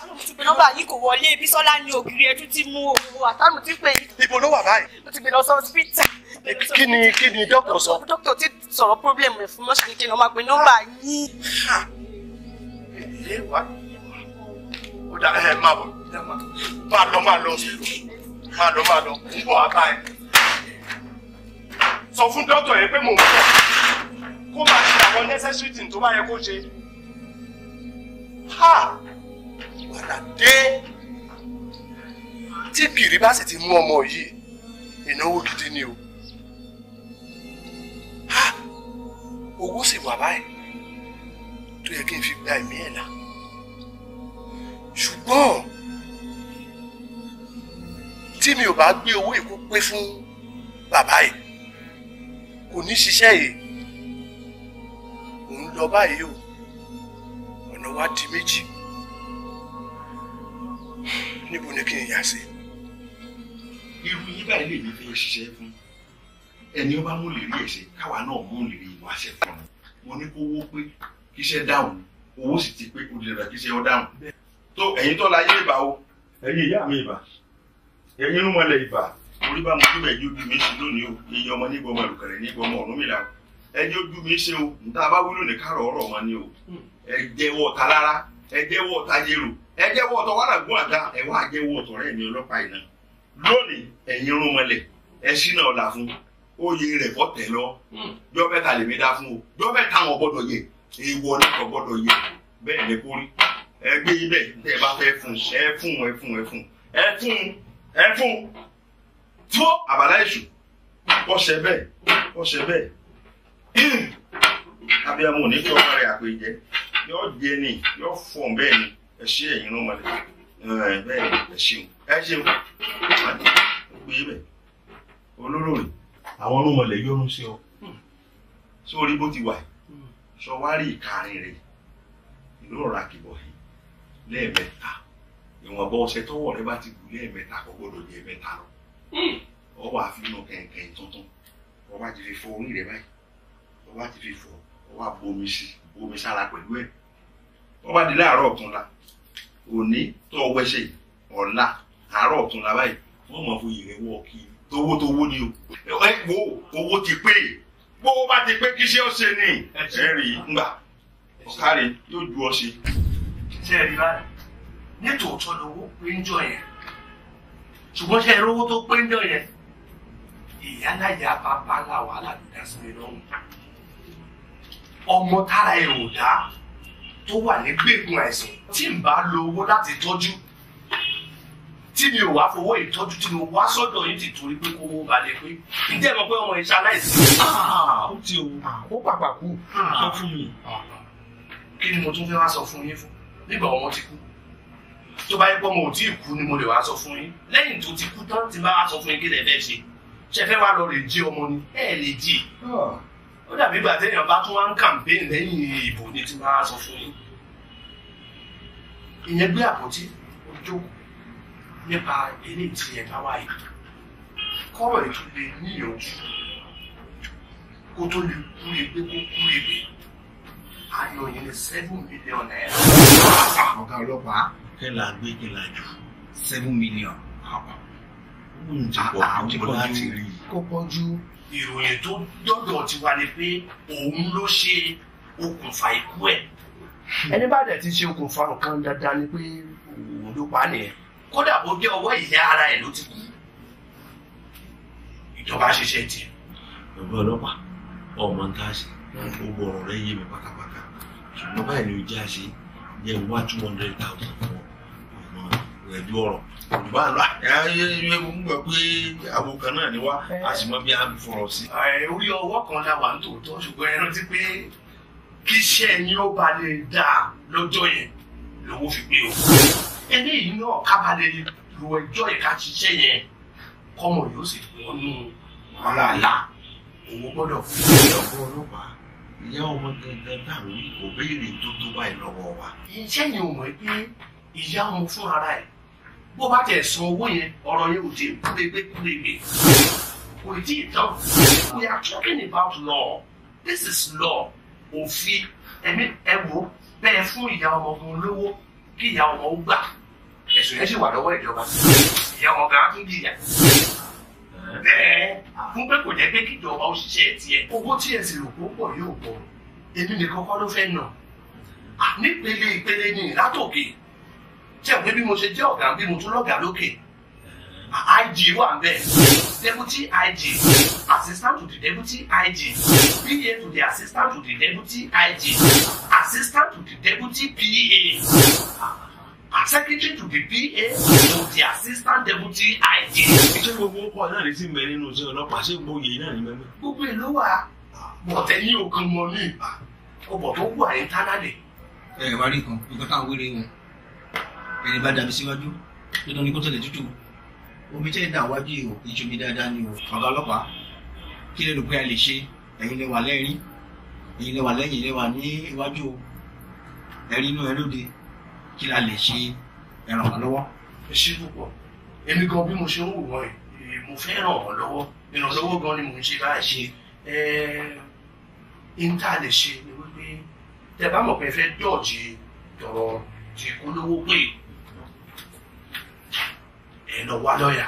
mo ti gbé nọ́mbà yìí kò wọlé Bísọ́lá ní ògiri ẹjú tí mú òru àtàlù tí pé. ibo ló wà báyìí. mo ti gbé lọ sọ́ọ́sìpítà. kí ni kí ni dókítà sọ. dókítà ti sọ̀rọ̀ pọ́blẹ̀mù rẹ̀ fún mọ́ṣáláṣí kí ni wọ́n máa nọ́mbà yìí. èyí wà ó dá ẹ máa bọ̀ máa lọ máa lọ máa lọ máa lọ ń bọ̀ àbá ẹ. sọ fún dókítà yẹn pé mò ń bọ̀ kó máa ṣe àwọn necessary thing tó bá yẹ kó ṣe padà dé tí gìrì bá sì ti mú ọmọ yìí ìnáwó gidi ni o ha owó sì wà báyìí tó yẹ kí n fi gba ẹ̀mí ẹ̀ là ṣùgbọ́n tí mi ò bá gbé owó ìkó pé fún bàbá yìí kò ní ṣiṣẹ́ yìí òun lọ báyìí o ọ̀nà wa di méjì níbo ni kí n yà sí. irú yín báyìí lèmi fi ṣiṣẹ́ fún ẹni ó mú lérí ẹ̀ ṣe káwa náà mú lérí ìwọ àṣẹ fún un mo ní kó wó pé kíṣẹ́ dáhùn owó sì ti pé kó lè rà kíṣẹ́ ọ dáhùn tó ẹ̀yin tó la yé ìbà o ẹ̀yin ìyá mi ìbà ẹ̀yin ń mọlẹ̀ ìbà orí bá mo tún bẹ̀ jóbi mi ṣe lónìí o iye ọmọ nígbà ọmọ ìlùkẹ̀rẹ̀ nígbà ọmọ ọ̀run mi là ẹ jóbi mi ṣe o níta bá wúlò ní kárọ̀ ọ̀rọ̀ ọmọ ni o ẹ jẹ́wọ́ ta lára ẹ jẹ́wọ́ ta jẹ́rò ẹ jẹ́wọ́ ọ̀tọ̀ wàrà gún àga ẹ wá jẹ́wọ́ ọ̀tọ̀ rẹ̀ ní ọlọ́pàá iná lónìí ẹ̀yin rún mọ́lẹ̀ ẹ ṣínà ọ̀la fún oyè rẹ̀ bọ́ tẹ̀ lọ hmm. jọ́ mẹ́ta lèmi dá fún o jọ́ mẹ́ta wọn gbọ́dọ̀ yẹ èèwọ̀ náà kò gbọ́dọ̀ yẹ bẹ́ẹ̀ ni kórí ẹ gbé ibẹ̀ tẹ́ ẹ bá fẹ́ fún ẹ fún ẹ fún ẹ fún ẹ fún ẹ fún tó àbàlá èṣù ọ̀sẹ̀ bẹ́ẹ̀ ọ̀sẹ̀ bẹ́ẹ̀ abiyamọ ò ní kí ọmọ rẹ̀ àpèjẹ yọ jẹ ni yọ fọ̀ bẹ́ẹ̀ ni ẹ ṣe ẹ̀yin náà mọ̀lẹ́ bẹ́ẹ̀ ẹ ṣeun ẹ ṣeun gbé bẹ̀ olóró rẹ̀ àwọn ọmọ mọ̀lẹ́ yọrù sí ọ sórí bó ti wà sọ wá rí ìkarin rẹ̀ ìlú ọ̀rọ̀ àkìbọ̀ yìí lẹ́ẹ̀mẹ́ta ìwọ̀nba ọṣẹ tọwọ́ rẹ bá ti gùn lẹ́ẹ̀mẹ́ta kò gbọdọ̀ jẹ́ mẹ́ta lọ ọ wà fi inú kẹ̀kẹ́ tuntun ọ bá ti fi fọ orí rẹ báyìí ọ bá ti fi fọ ọ wà bomi sí bomi sára pẹ̀lú ẹ̀ ọ bá di láàárọ̀ la òní tó wẹṣẹ ọ̀la àárọ̀ ọ̀tún la báyìí wọ́n mọ̀ fún yìnyín wọ̀ kí tówó tówó ni o ẹ wo owó ti pé gbówó bá ti pé kí ṣé ó ṣe ni ẹ rí i ngbà ọ̀kárẹ̀ yóò ju ọ ṣe. ṣé ẹ rí báyìí nítòótọ́ lówó pé ń jọ yẹn ṣùgbọ́n ṣe rówó tó pé ń jọ yẹn ìyálàyà bàbá ńlá wàhálà ló sí mi lọ́rùn ọmọ tára ẹ̀ ò dá tó wà ní gbẹ̀gùn àìsàn tí n bá lo owó láti tọ́jú tí mi ò wá fowó ìtọ́jú tí mo wá sọ́dọ̀ yìí ti torí pé kówó ba lè pé ǹjẹ́ mo pé ọmọ ìṣe aláìsí. Ah, ó ti o ah. ó pàpà kú sọ ah. fún mi. kí ni mo tún fẹ́ wá sọ fún yín fún nígbà ọmọ ti kú tó bá yẹ pé ọmọ ò tí ì kú ni mo lè wá sọ fún yín lẹ́yìn tó ti kú tán ti bá wá sọ fún yín kí lè fẹ́ ṣe ṣe wá lọ lè jí ọmọ ni ẹ lè jí ó dàbí ìgbà téèyàn bá tún wá ń kàmpéyìn lẹ́yìn ìbò ní ti máa sọ fún yín ìyẹn gbé àpótí ó jókòó nípa ilé tí ẹ̀ bá wáyé kọ́rọ̀ ètò lè níyànjú kó tó lè kú egbé kó kú egbé ayọ̀ yẹn ní seven million naira. ọ̀gá ọlọ́pàá kẹ́ la gbé kí la jù seven million. ó ń jẹ́ pọ̀ jù láti rí. kó pọ̀ ìròyìn tó dọ́dọ̀ ti wá ni pé òun ló ṣe okùnfà ikú ẹ̀. ẹni bá dẹ̀ ti ṣe okùnfà nǹkan dandan ni pé òun ló pa nìyẹn kódà bó jẹ́ ọwọ́ ìyá ara ẹ̀ ló ti kú ìjọba ṣiṣẹ́ tiẹ̀. ọ̀gbẹ́ ọlọ́pàá ọmọ ń káṣí gbogbo ọ̀rọ̀ rẹ̀ yé mi pátápátá ṣùgbọ́n báyìí ni ó jẹ́ àṣẹ jẹ́ one two hundred thousand ìyànjú ọ̀rọ̀ yorùbá àlọ́ àyè ẹ mú gbà pé àwọn kan náà ni wá a sì mọ bí a fọ̀rọ̀ sí. Ah, orí ọwọ́ kan la wà ní tòótọ́ ṣùgbọ́n ẹ rántí pé kí iṣẹ́ ẹni ó ba lè dà lọ́jọ́ yẹn lówó fi pé o. eléyìí náà kábàlẹ̀ lo ẹjọ́ ìka ṣiṣẹ́ yẹn kọ́mọ yóò sì wọ́n nù wàhálà òun gbọ́dọ̀ fún ọ̀pọ̀ ọlọ́pàá ìyá ọmọ gangan dàrú òbéèrè tó tó báyìí lọ́wọ́ wa. iṣẹ́ ò mọ̀ pé ìyá ọmọ fúnra rẹ̀ bó bá tẹ̀ sọ owó yẹn ọ̀rọ̀ yẹn ò tí ì kúrègbè kúrègbè kò tí ì tán we are talking about law this is law òfin ẹ̀mí ẹ̀wò bẹ́ẹ̀ fún ìyá ọmọ ọmọ olówó kí ìyá ọmọ ó gbà ẹ̀sùn yẹn sì wà lọ́wọ́ ìjọba ìyá ọmọ gan tún jìyà bẹ́ẹ̀ fún pé kò jẹ́ pé kí ìjọba ó ṣiṣẹ́ tiẹ̀ owó tí ẹ̀ sì rò pọ̀ pọ̀ yóò pọ̀ èmi nìkan kọ́ ló fẹ́ nà nípele ìpele ni látòkè jẹ́ pé bí mo ṣe jẹ́ ọ̀gá bí mo tún lọ́gàá lókè ah, IG wà bẹ́ẹ̀ deputy IG assistant to the deputy IG PA to the assistant to the deputy IG assistant to the deputy PA ah, secretary to the PA to the assistant deputy IG. ṣé gbogbo ọkọ náà lè ti ń nínú iṣẹ́ ọlọ́pàá ṣé gboyè náà ní mẹ́mẹ́. gbogbo ìlú wa bọ̀tẹ̀ ní òkan mọ́ ní ìgbà ọbọ̀ tó wà ní tánálẹ̀. ẹ wá rí nǹkan nǹkan táwọn wéré wọn ẹni bá dàbí síwájú nínú ní kó tẹ̀lé tútù omi tẹ́ dà wájú ìwò kì í ṣomi dáadáa ni o ọ̀gá ọlọ́pàá kí lè rò pé a lè ṣe ẹ̀yin lè wà lẹ́rìí ẹ̀yin lè wà lẹ́yìn lè wà ní iwájú o ẹ̀rí inú ẹlóde kí la lè ṣe ẹ̀ràn wá lọ́wọ́. ẹ ṣe púpọ̀ èmi gan bí mo ṣe ń wò wọ́n yìí mo fẹ́ ràn wọ́n lọ́wọ́ ìrànlọ́wọ́ gan ni mò ń ṣe báyìí ṣe ẹ̀ẹ́n tá a lè ṣe ni wípé tẹ bá mọ̀ pé fẹ́ dọ̀jì ẹ lọ wá lọ́ọ̀yà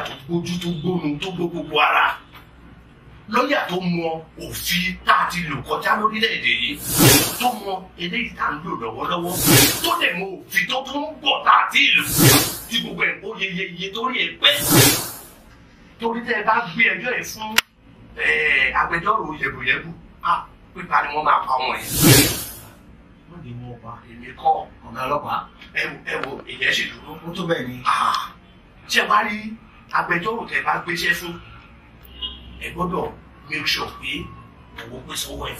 ẹ tó gbójú tó gbónu tó gbogbo ara lọ́ọ̀yà tó mọ òfin tá a ti lò kọjá lórílẹ̀‐èdè yìí tó mọ eléyìí tá a ń lò lọ́wọ́lọ́wọ́ tó dẹ̀ mọ òfin tó tún ń bọ̀ tá a ti lò tí gbogbo ẹ̀ kó yeyeye torí ẹ pé torí tẹ́ ẹ bá gbé ẹjọ́ ẹ fún agbẹjọ́rò yẹ̀bùyẹ̀bù pípa ni wọ́n máa pa ọmọ yẹn. wọ́n lè wọ́n pa èmi kọ́ ọ̀gá ọlọ́pàá ẹ wo ìyẹn sì dúró. ó tó bẹ́ẹ̀ ni. ṣé wàá rí agbẹjọ́rò tẹ bá gbéṣẹ́ fún ẹ gbọ́dọ̀ make sure pé owó pín sọ́wọ́ ẹ̀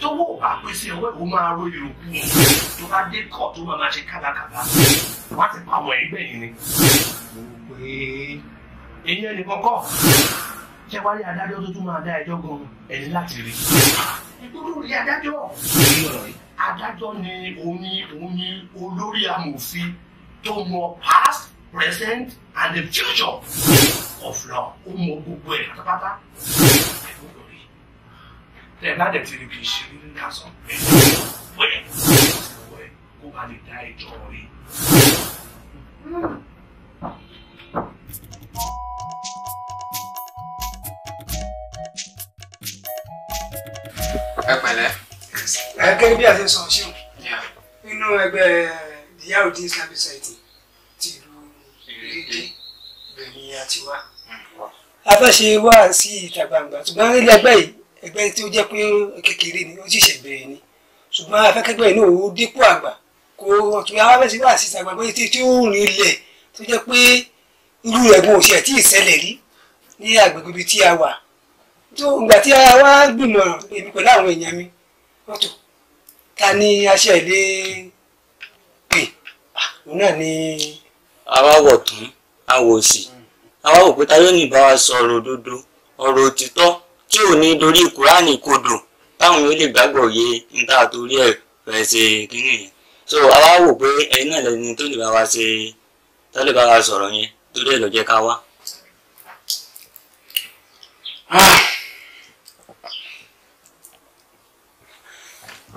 tówó bá pín sí ọwọ́ o máa ro ìròkú tó bá dé kọ́ tó máa máa ṣe kábàkàbà wọ́n ti pa àwọn ẹgbẹ́ yìí ni. ìyẹn nìkan kọ́ ṣé wàá rí adájọ́ tó tún máa dá ẹjọ́ gan-an ẹni láti rí. ìgbọ́dọ̀ rí adájọ́ adájọ́ ni òun ni òun ni olórí amòfin tó mọ past present and the future of law ó mọ gbogbo ẹ̀ pátápátá ẹ̀rọ lórí tẹ̀ bá dẹ̀ ti rí kì í ṣe nínú kásán ẹ̀rọ wẹ̀ wẹ̀ kó bá lè dá ẹjọ́ rí. ẹ pẹ̀lẹ́ gẹ́gẹ́ bí àṣẹ sọ ṣéun nínú ẹgbẹ́ eh, diyaudin islam society ti ìlú ìrèké bẹ̀rẹ̀ ni a ti wá. Hmm. a fẹ́ ṣe wá sí ìta gbangba ṣùgbọ́n ilé ẹgbẹ́ yìí ẹgbẹ́ tí ó jẹ́ pé kékeré ni ó sì ṣẹ̀bẹ̀rẹ̀ ni ṣùgbọ́n a fẹ́ kẹ́gbẹ́ yìí náà ó dínkù àgbà kó ọ̀tún àwọn afẹ́sẹ̀ wá sí ìta gbangba tí ó rìn ilẹ̀ tó jẹ́ pé irú ẹ̀gbọ́n òṣèlú tí ì rí ní agbègbè ibi tí a wà tó ìgbà tí a wá gbìmọ̀ èmi pẹ̀lú àwọn èèyàn mi wọ́n tó ta ni aṣẹ ilé pè òun náà ni. àwa wọ̀ tún àwọ̀ òsì àwa wò pé ta yóò ní bá sọ̀rọ̀ òdodo ọ̀rọ̀ òtítọ́ tí ò ní dorí kùránì kodò táwọn yóò lè gbàgbọ́ yé níta torí ẹ̀ fẹ́ ṣe kínní yẹn so àwa wò pé ẹ̀yin náà lẹni tó lè bá wa ṣe tó lè bá wa sọ̀rọ̀ yẹn torí ẹ̀ ló jẹ́ ká wá. Ah,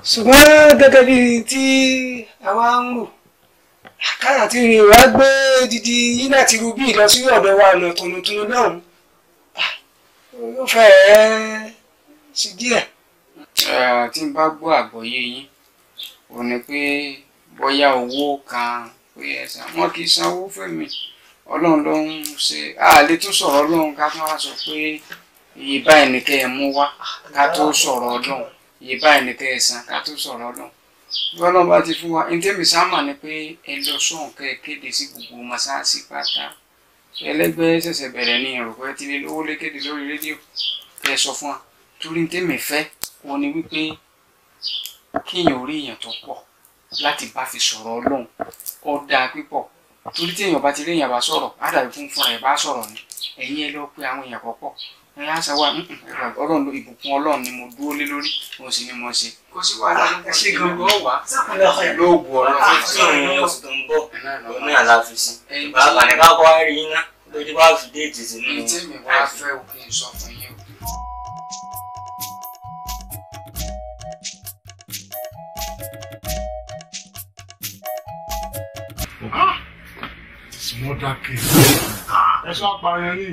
ṣùgbọ́n gẹ́gẹ́ bí tí àwa ń rò àkàrà tí yorùbá gbé didi yínà ti rubí lọ sí ọ̀dọ̀ wa lọ tòlótòló lọ́hùn ah, yóò fẹ́ẹ́ sí díẹ̀. tí n bá gbọ́ àgbọ́yé yín ò ní pé bóyá owó kan pé ẹ̀sán wọn kì í sanwó fẹ́mi ọlọ́run ló ń ṣe àlè tó sọ̀rọ̀ ọlọ́run ká tó wá sọ pé iye báyìí ni kẹ́ ẹ mú wá ká tó sọ̀rọ̀ ọlọ́run iye báyìí ni kẹ́ ẹ san ká tó sọ̀rọ̀ ọlọ́run bí ọlọ́run bá ti fún wa ní tẹ́mi sámà ni pé ẹ lọ sóhun kẹ́ ẹ kéde sí gbogbo mọ́sáàsì pátá ẹlẹ́gbẹ́ ṣẹ̀ṣẹ̀ bẹ̀rẹ̀ ní ìrọ̀pẹ́ tí lè lówó lé kéde lórí rédíò kẹ́ ẹ sọ fún wa torí tẹ́mi fẹ́ wọn ni wípé kéèyàn orí èèyàn tó pọ̀ láti bá fi sọ̀rọ̀ ọlọ́run ó dáa pípọ̀ torí tí èèyàn bá ti rí èèyàn bá sọ̀rọ̀ á dàbí fún ẹ̀ bá sọ̀rọ̀ ni ẹ̀yin ẹ lọ pé àwọn èèyàn kọ́kọ́ ẹ á sá wa ọlọ́run ló ìbùkún ọlọ́run ni mo dúró lé lórí mo sì ni mo ṣe. kò sí wàhálà ah, ẹ ṣe gangan wà sákòlá ọ̀hún lóògùn ọlọ́run ah, ah, tí òun ní oṣù tó ń bọ̀ òun ní àlàáfíà sí. bàbá ní káàkó wá rí iná lójú bá fi déètì sí nínú. ètè mi wá fẹ́ òkè sọ fún yín. Mother case ẹ̀ṣọ́ apààyàn ní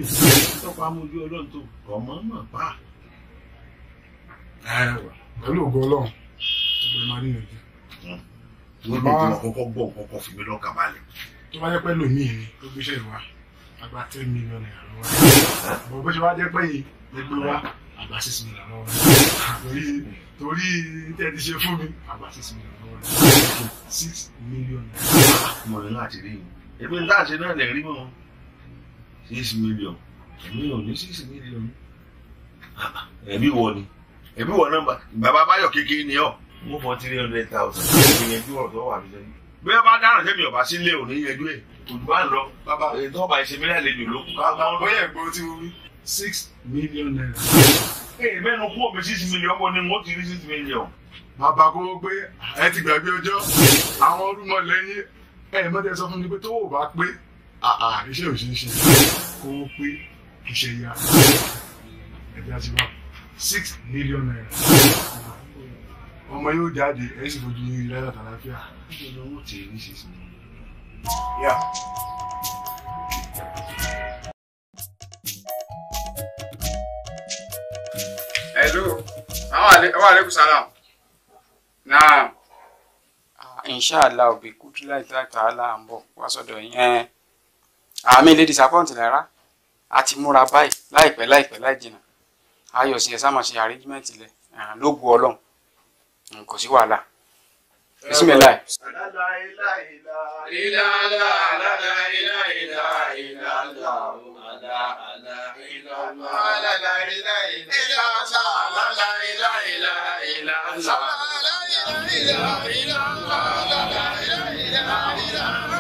ìtọ́pọ̀ amójú ọlọ́run tó ọmọ mà pa. pẹ̀lú ògo ọlọ́run ìgbẹ́ máa níyànjú. wọ́n lè gbọ́n kọ́kọ́ gbọ́ kọ́kọ́ fi mi lọ́kàn balẹ̀. tó bá jẹ́ pẹ́ lòmíì ni tó gbéṣẹ́ ìwà àgbà ten million naira lọ́wọ́ bọ̀ bó ṣe wá jẹ́ pé yìí gbẹgbẹ́ wa àgbà six million lọ́wọ́ torí torí tẹ́ ti ṣe fún mi àgbà six million lọ́wọ́ six million naira. mo ní láti rí i èmi láti náà lè rí mọ́ six million million, ò ní six million ẹbí wọ ni ẹbí wọ nọ́mbà bàbá báyọ̀ kékeré ni ọ. mo fọ three hundred thousand ìyẹnjú ọ̀rọ̀ tó wà mí sẹ́yìn. bí wọ́n bá dáhùn sẹ́mi ọ̀bá sílé òní yẹjú ẹ̀ olùbá lọ bàbá ètò ọba ìṣe mílíọ̀nù lè lò lókun. bàbá wọn bóyá ẹ̀gbọ́n ti wú mi. six million naira. ee mẹ́nu kú omi six million wọn ni wọ́n ti rí six million. bàbá kò wọ́n pé ẹ ti gbàgbé ọjọ́ àwọn ọdún mọ́ lẹ́yìn ẹ̀ mọ́tẹ́ sọ fún mi pé tó wò bá pé Ah, ah. àà iṣẹ́ ò ṣe ṣe kó o pé kì í ṣe ya ẹ̀dá ti wá six million naira ọmọ yóò jáde ẹ sì fojú yín rí láyà tàlàfíà nítorí owó tèé nísinsìnyí. Yeah. Hello. Wa alaikum salam. Naam. Ah, inshallah bi kudula ta'ala ń bọ̀ wá sọ́dọ̀ yín. Eh, àmì lè disappoint náírà a ti múra báyìí láìpẹ́ láìpẹ́ láì jìnnà ayọ̀ sí ẹ sáà máa ṣe arrangement lẹ̀ lógo ọlọ́run kò sí wàhálà bisimilayi. La ilaha illallah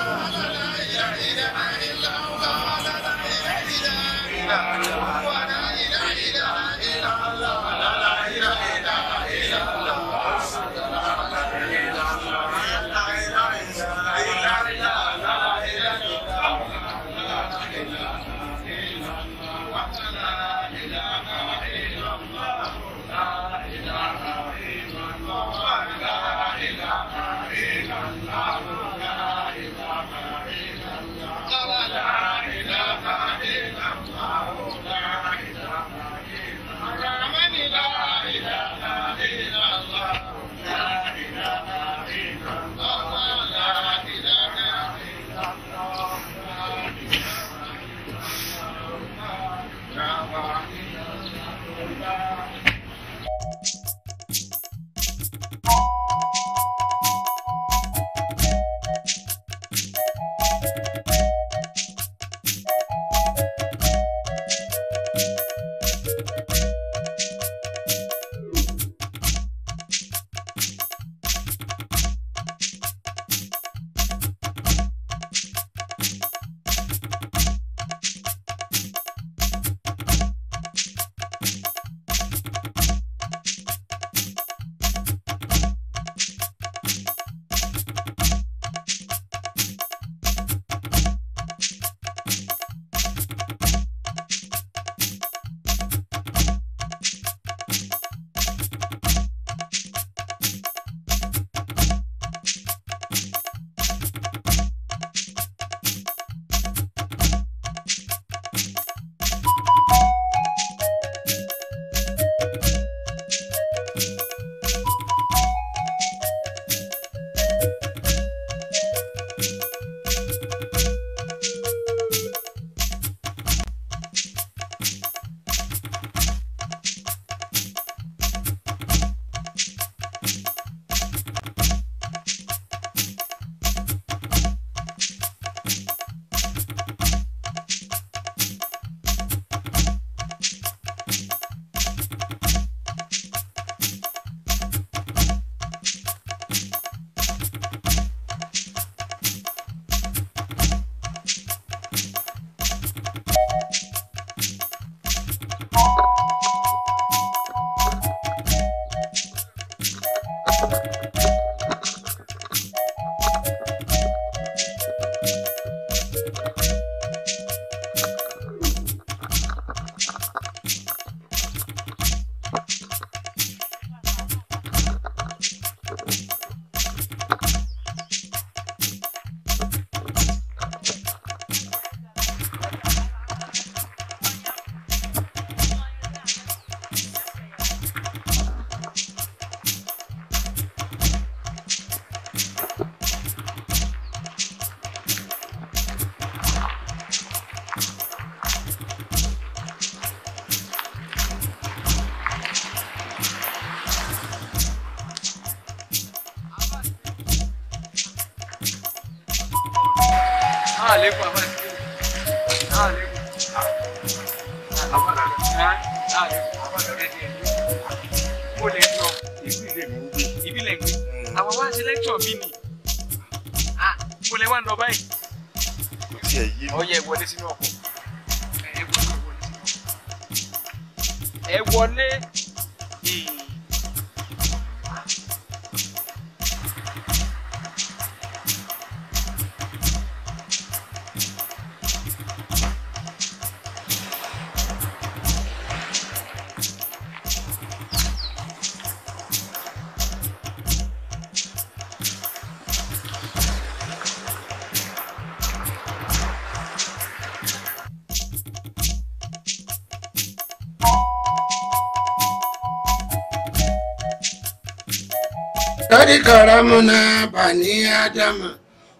وحملنا بني آدم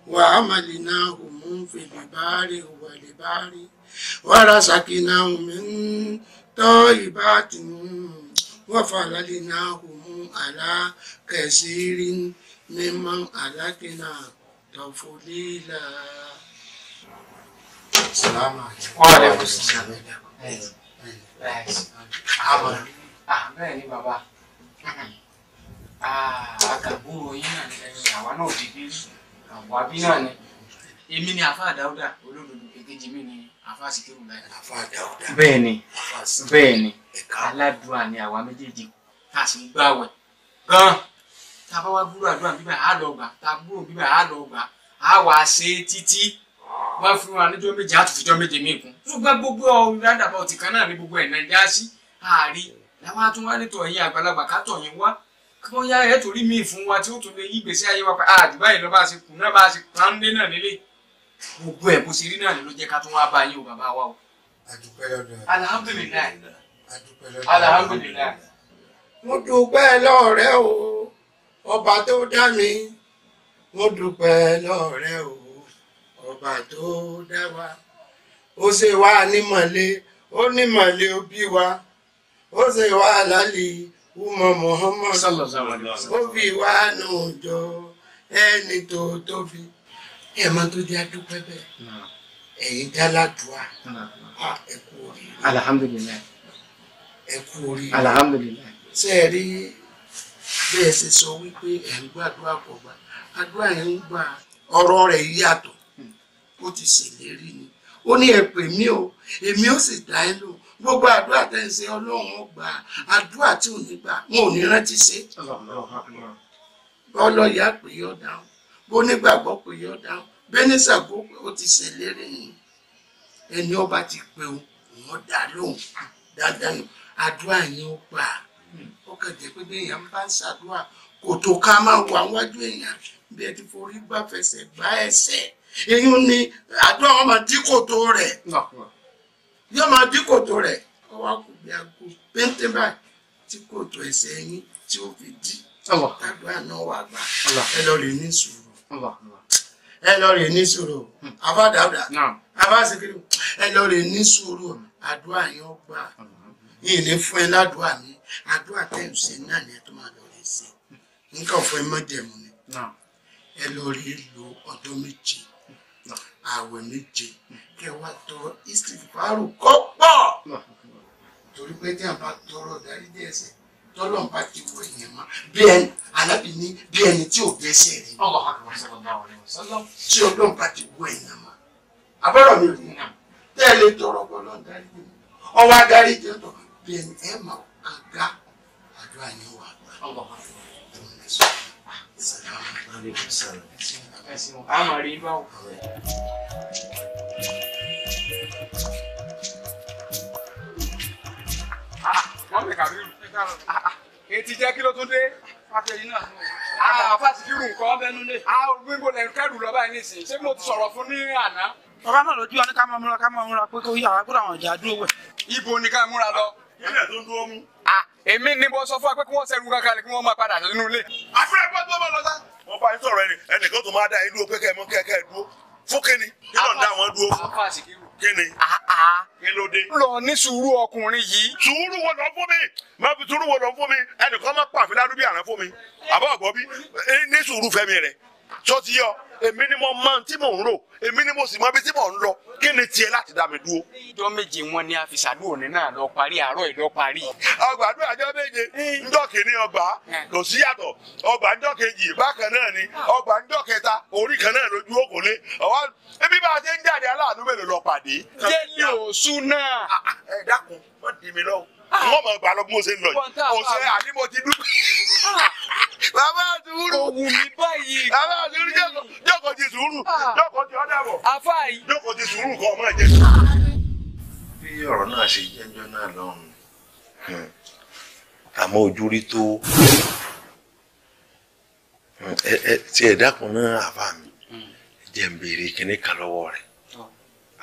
وعملناهم في البحر والبحر ورزقناهم من طيبات وفضلناهم على كثير ممن أهلكنا تفضيلا السلام عليكم وعليكم السلام ورحمة الله وبركاته àgàgbóró yín náà ẹ̀yin àwa náà dédé sùn àwa bí ni èmi ni àfa àdáúdà olódodo èkejì mi ni àfa àsìkérù láì. àfa àdáúdà bẹ́ẹ̀ ni bẹ́ẹ̀ ni ni àwa méjèèjì tá a sì ń gbààwẹ̀ gan tá a bá wá gbúrò àdúrà bíbà á lọ gbà tá a gbúrò bíbà á lọ gbà á wà á ṣe é títí wá fún wa níjọ́ méje á tún fi jọ́ méje míì kún ṣùgbọ́n gbogbo ọ̀hún ládàbọ̀ ọ̀tì kan náà ní gbogbo ẹ̀ nàìjíríà sí àárí làwọn atúnwá nítọ̀ yín àgbàlagbà kátọ̀ yín wá kí wọ́n yá ẹ̀ torí míì fún wa tí ó tún lè yí ìgbésí ayé wa pa àdìbá ah, yìí lọ́ bá a ṣe kù náà bá a ṣe pàǹdé náà nílé gbogbo ẹ̀ bó ṣe rí náà ló jẹ́ ká tún wá bá yín o bàbá wa o. àdúpẹ́ lọ́dọ̀ alihamudulilayi alihamudulilayi. mo dúpẹ́ lọ́rẹ́ o ọba tó dá mi mo dúpẹ́ lọ́rẹ́ o ọba tó dá wa ó ṣe wá nímọ̀lé ó nímọ̀lé ó wa ó ṣe wá lálẹ́ Umar Muhammad ó fi wá nù jọ ẹni tó tó fi ẹ máa tó di adúpẹ́ bẹ́ẹ̀ ẹ̀yin dáládùá ah, ẹ kú oríire. alhamdulilayi. ẹ kú oríire. alhamdulilayi. ṣé ẹ rí bẹ́ẹ̀ ṣe sọ wípé ẹ̀ ń gbàdúrà pọ̀ gbà àdúrà yẹn ń gbà ọ̀rọ̀ rẹ̀ yàtọ̀ hmm. ó ti ṣèlérí ni ó ní ẹ pè mí o èmi ó sì dá ẹ lò gbogbo àdúrà tẹ́ ń ṣe ọlọ́run ó gbà àdúrà tí ò ní gbà wọn ò ní rántí ṣe. ọlọ́yà pé yọ dáhùn bó nígbàgbọ́ pé yọ dáhùn bẹ́nísà gbó pé ó ti ṣèlérí yìí ẹni ọba ti pe wọn dá lóhùn dáadáa nù àdúrà yẹn ó gbà ó kàn jẹ́ pé bí èèyàn bá ń ṣàdúrà kò tó ká máa wà wájú èèyàn bí ẹ ti forí gbá fẹsẹ̀ gbá ẹsẹ̀ èyí ni àdúrà wọn máa dín kòtò rẹ̀ yóò máa dí kòtò rẹ̀ ọwọ́ kò bí aago péńté báyìí tí kòtò ẹsẹ̀ yín tí ó fi dí àdúrà náà wà gbà ẹ lọ rè ní sùúrù ẹ lọ rè ní sùúrù abádàbdà hmm. abáṣekiri ẹ lọ rè ní sùúrù àdúrà yín ó gbà yìí ní fún ẹ ládùúà mi àdúrà tẹ̀yìn náà ni ẹ tó máa lọ rè ṣe nǹkan fún ẹ mọ́jẹ̀mú ni ẹ lọ rè lo ọdún méje àwẹ̀ méje kí ẹ wá tọrọ istikfaru kọ́ pọ̀ torí pé tí a bá tọrọ dáríjì ẹ̀ṣẹ̀ tọ́lọ̀ bá ti wọ èèyàn mọ́ bí ẹni alábì ní bí ẹni tí ò dẹ́ṣẹ̀ rí tí ọlọ́run bá ti wọ èèyàn mọ́ abọ́rọ̀ mi ò ní nà tẹ́ ẹ lè tọrọ bọ́lọ́ dáríjì mi ọwọ́ adáríjì ọ̀tọ̀ bí ẹni ẹ̀ máa kàn gá àdúrà ni ó wà gbà àmọ̀ rí báwò. wọ́n lè kàrí rù. etí jẹ́ kí ló tún dé. fàtẹ̀yìn náà. àà fàtìkìrù nǹkan ọbẹ̀ nulẹ̀. a gbígbó lẹ́nu kẹ́rù lọ́ba yìí nìsín ṣé mo ti sọ̀rọ̀ fún ní àná. ọba náà lójú ọdún ká máa múra ká máa múra pé kó yàrá gbọ́dọ̀ àwọn ìjà dúró wẹ̀. ibo ni ká múra lọ. ilẹ̀ tó dúró mú èmi ni mo sọ fún wa pé kí wọ́n ṣẹrù kankan lè kí wọ́n máa padà sínú ilé. àfẹ́rẹ́ bọ́ lọ́sà. wọ́n bá ń sọ̀rọ̀ ẹni ẹnìkan tó máa dá inú pẹ́kẹ́ mọ́ kẹ́kẹ́ dúró fún kíni kí ló dá wọn dúró fún kíni kí ló dé. lọ ní sùúrù ọkùnrin yìí. sùúrù wo lọ fún mi má fi sùúrù wo lọ fún mi ẹnìkan má pàfin ládùúgbò àná fún mi àbọ̀ ọ̀gbọ́n bí ní sùúrù fẹ́mi rẹ̀ tó ti yọ èmi ni mo máa tí mò ń rò èmi ni mo sì mọ ibi tí mò ń lọ kí ni tiẹ̀ láti dá mi dúró. ìjọ méje wọn ni àfìsàlù òní náà lọ parí àárọ̀ ìlọ parí. ọgbàdo àjọ méje ńjọ́ kìíní ọgbà kò sí yàtọ̀ ọgbà ńjọ́ kejì bákan náà ni ọgbà ńjọ́ kẹta orí kan náà lójú òkòlé ọwọ ebi bá a ṣe ń jáde aláàánú mélòó lọ pàdé. jẹ́ni òṣù náà. Ah, ah, ẹ dákun wọ́n dì mí lọ́wọ́ wọ́n mọ̀ gbà lọ bí mo ṣe ń lọ yìí kò ṣe àní mo ti dúró. Ah. bàbá àdúrú òwú mi báyìí bàbá àdúrú jókòó ti sùúrù ah. jókòó ti ọ̀dàbọ̀ àfáàyí jókòó ti sùúrù kọ́ ọmọ ẹ̀jẹ̀. bí ọ̀rọ̀ náà ṣe jẹ́jọ́ náà lọ́hùn-ún àmọ́ ojú rí tó ti ẹ̀ dákun náà àbá mi hmm. jẹ́ ń béèrè kinní kan lọ́wọ́ rẹ̀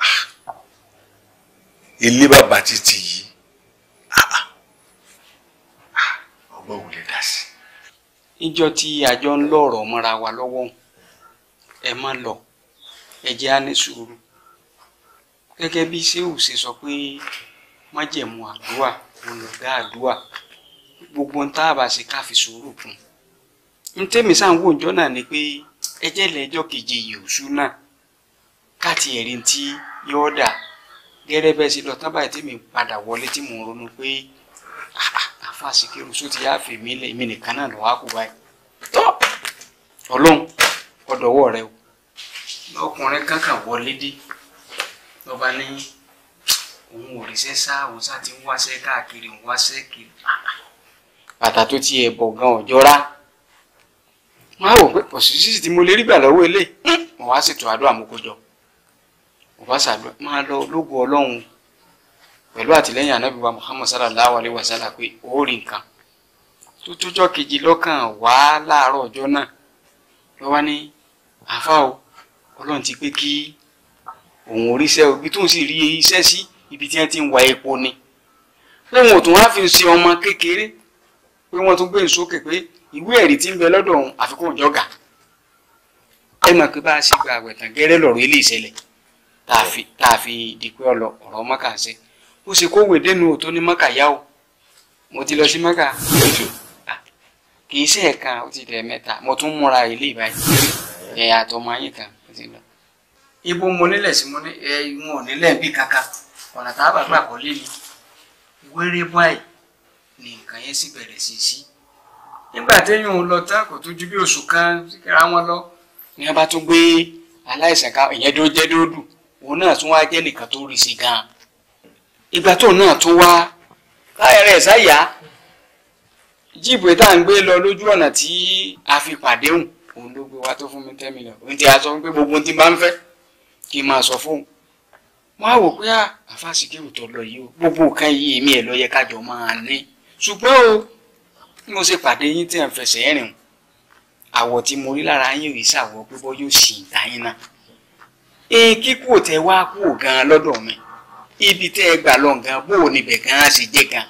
ah. ilé bàbá ti tì yìí. níjọ́ tí àjọ ń lọ̀rọ̀ mọ́ra wa lọ́wọ́ ẹ má lọ ẹ jẹ́ á ní sùúrù gẹ́gẹ́ bí sehu ṣe sọ pé májẹ̀mú àdúà olùgá àdúà gbogbo ń tá a bá ṣe ká fi sùúrù kún n tẹ́mi sáwọn òjọ́ náà ni pé ẹjẹ́ lẹ́jọ́ keje yòósù náà káàtì ẹ̀rí tí yọ̀ọ́ dà gẹ́rẹ́ bẹ́ẹ̀ sí lọ tábàyí tẹ́mi padà wọlé tí mò ń ronú pé ah àfa Síkírù só ti yáàfẹ mi lẹ èmi nìkan náà lọ wá kú báyìí tọ Ọlọ́run ọdọwọ rẹ o lọkùnrin kankan wọlé dé lọba ní òun ò ríṣẹ́ sá òun sá ti ń wáṣẹ́ káàkiri ń wáṣẹ́ kiri ah, bàtà tó ti ẹ̀ bọ̀ gan ọjọ́ rá máa wò pé pọ̀sísì tí mo lè rí gbà lọ́wọ́ eléyìí mo wá ṣètò àdúrà mo mo bá ṣàdúrà máa lọ lógo Ọlọ́run pẹ̀lú àtìlẹ́yìn ànábì Muhammad sallallahu alayhi wa sallam pé ó rí nǹkan tó tójọ́ kejì lọ́kàn wá láàárọ̀ ọjọ́ náà ló wá ní àfa o ọlọ́run ti pé kí òun oríṣẹ́ ibi tóun sì rí iṣẹ́ sí ibi tí wọ́n ti ń wa epo ni lóun ò tún wá fi ṣe ọmọ kékeré pé wọ́n tún gbé ń e sókè pé ìwé ẹ̀rí tí ń bẹ lọ́dọ̀ òun àfikún ìjọga ẹ mọ̀ pé bá a ṣe gba àwẹ̀tàn gẹ́rẹ́ lọ̀rọ̀ ilé ìṣẹ̀lẹ̀ tá a fi di pé ọ̀rọ̀ ọmọ ó sì kó wèdè nu òtó ní mọ́kà yá o mo ti lọ sí mọ́kà ah, kì í ṣe ẹ̀kan ó ti dẹ̀ mẹ́ta mo tún múra ilé ìbáyìí ẹ̀yà àtọmọ ayé kan ó ti lọ. ibo mo nílẹ̀ sí mo ní ẹ ìwọ̀n nílẹ̀ bí kankan ọ̀nà tá a bá gbà kọ́ mi wéré báyìí ni nǹkan yẹn sì bẹ̀rẹ̀ sí sí. nígbà téèyàn ń lọ tán kò tó ju bí oṣù kan síkẹ́ra wọn lọ ni wọ́n bá tún gbé aláìsàn ká ìyẹn tó jẹ́ dúró dùn òun náà tún wá jẹ́ nìkan tó rí sí gan-an ìgbà tó náà tún wá káyọ̀rẹ́ sáyà jíìpù tá à ń gbé lọ lójú ọ̀nà tí a fi pàdéhùn òun ló gbé wa tó fún mi ten million òun ti a sọ pé gbogbo tí n bá ń fẹ́ kí n máa sọ fóun wọ́n á wò pé ah, àfa Síkírù tó lọ yìí o gbogbo nǹkan yìí èmi ẹ̀ ló kájọ máa ní ṣùgbọ́n o mo ṣe pàdé yín tí ẹ̀ ń fẹsẹ̀ rìn àwọ̀ tí mo rí lára yín rí sàwọ̀ pé bọ́ yóò sì ń ta yín náà èé kíkú òtẹ́ wá kú gan-an lọ́dọ̀ mi ibi tẹ́ ẹ gbà lọ nǹkan bó o níbẹ̀ gan á sì jẹ́ gan.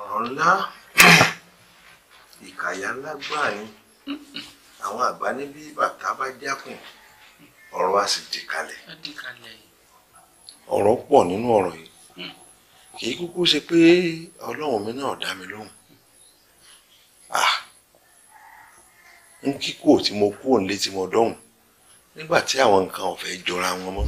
ọ̀rọ̀ ńlá ìkàyà ńlá gbáà ni àwọn àgbà níbi bàtà bá jákùn ọ̀rọ̀ á sì di kalẹ̀. ọ̀rọ̀ pọ̀ nínú ọ̀rọ̀ yìí hmm. kì í kúkú ṣe pé ọlọ́run mi náà dá mi lóhùn ń kíkó tí mo kúrò nílé tí mo dọ́hùn nígbà tí àwọn nǹkan ọ̀fẹ́ jọra wọn mọ́.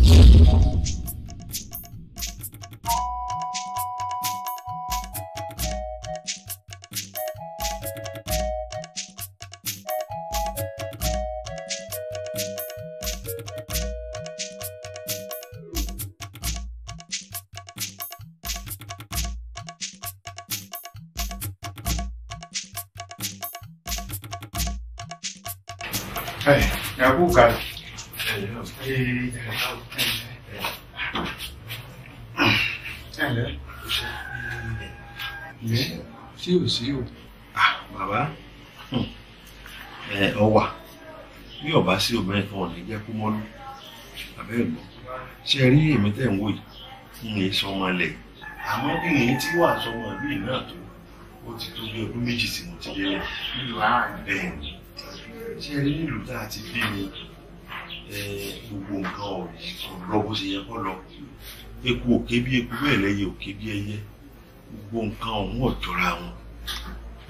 sí obìnrin kan ọ̀nà jẹ́ kó mọ́lú àbẹ́rẹ́ lọ ṣe rí èmi tẹ̀ ń wò yìí ní sọmọlẹ̀ àmọ́ kí ni tí wà sọmọ ìlú yìí náà tó ó ti tó bí ọdún méjì tí mo ti yé lẹ̀ nílùú àgbẹ̀ ṣe rí nílùú tá a ti bí mi gbogbo nǹkan ọ̀rọ̀ lọ bó ṣe yẹ kó lọ eku òkè bí eku bẹ́ẹ̀ lẹ́yẹ òkè bí ẹyẹ gbogbo nǹkan ọ̀hún ọ̀jọ̀ra wọn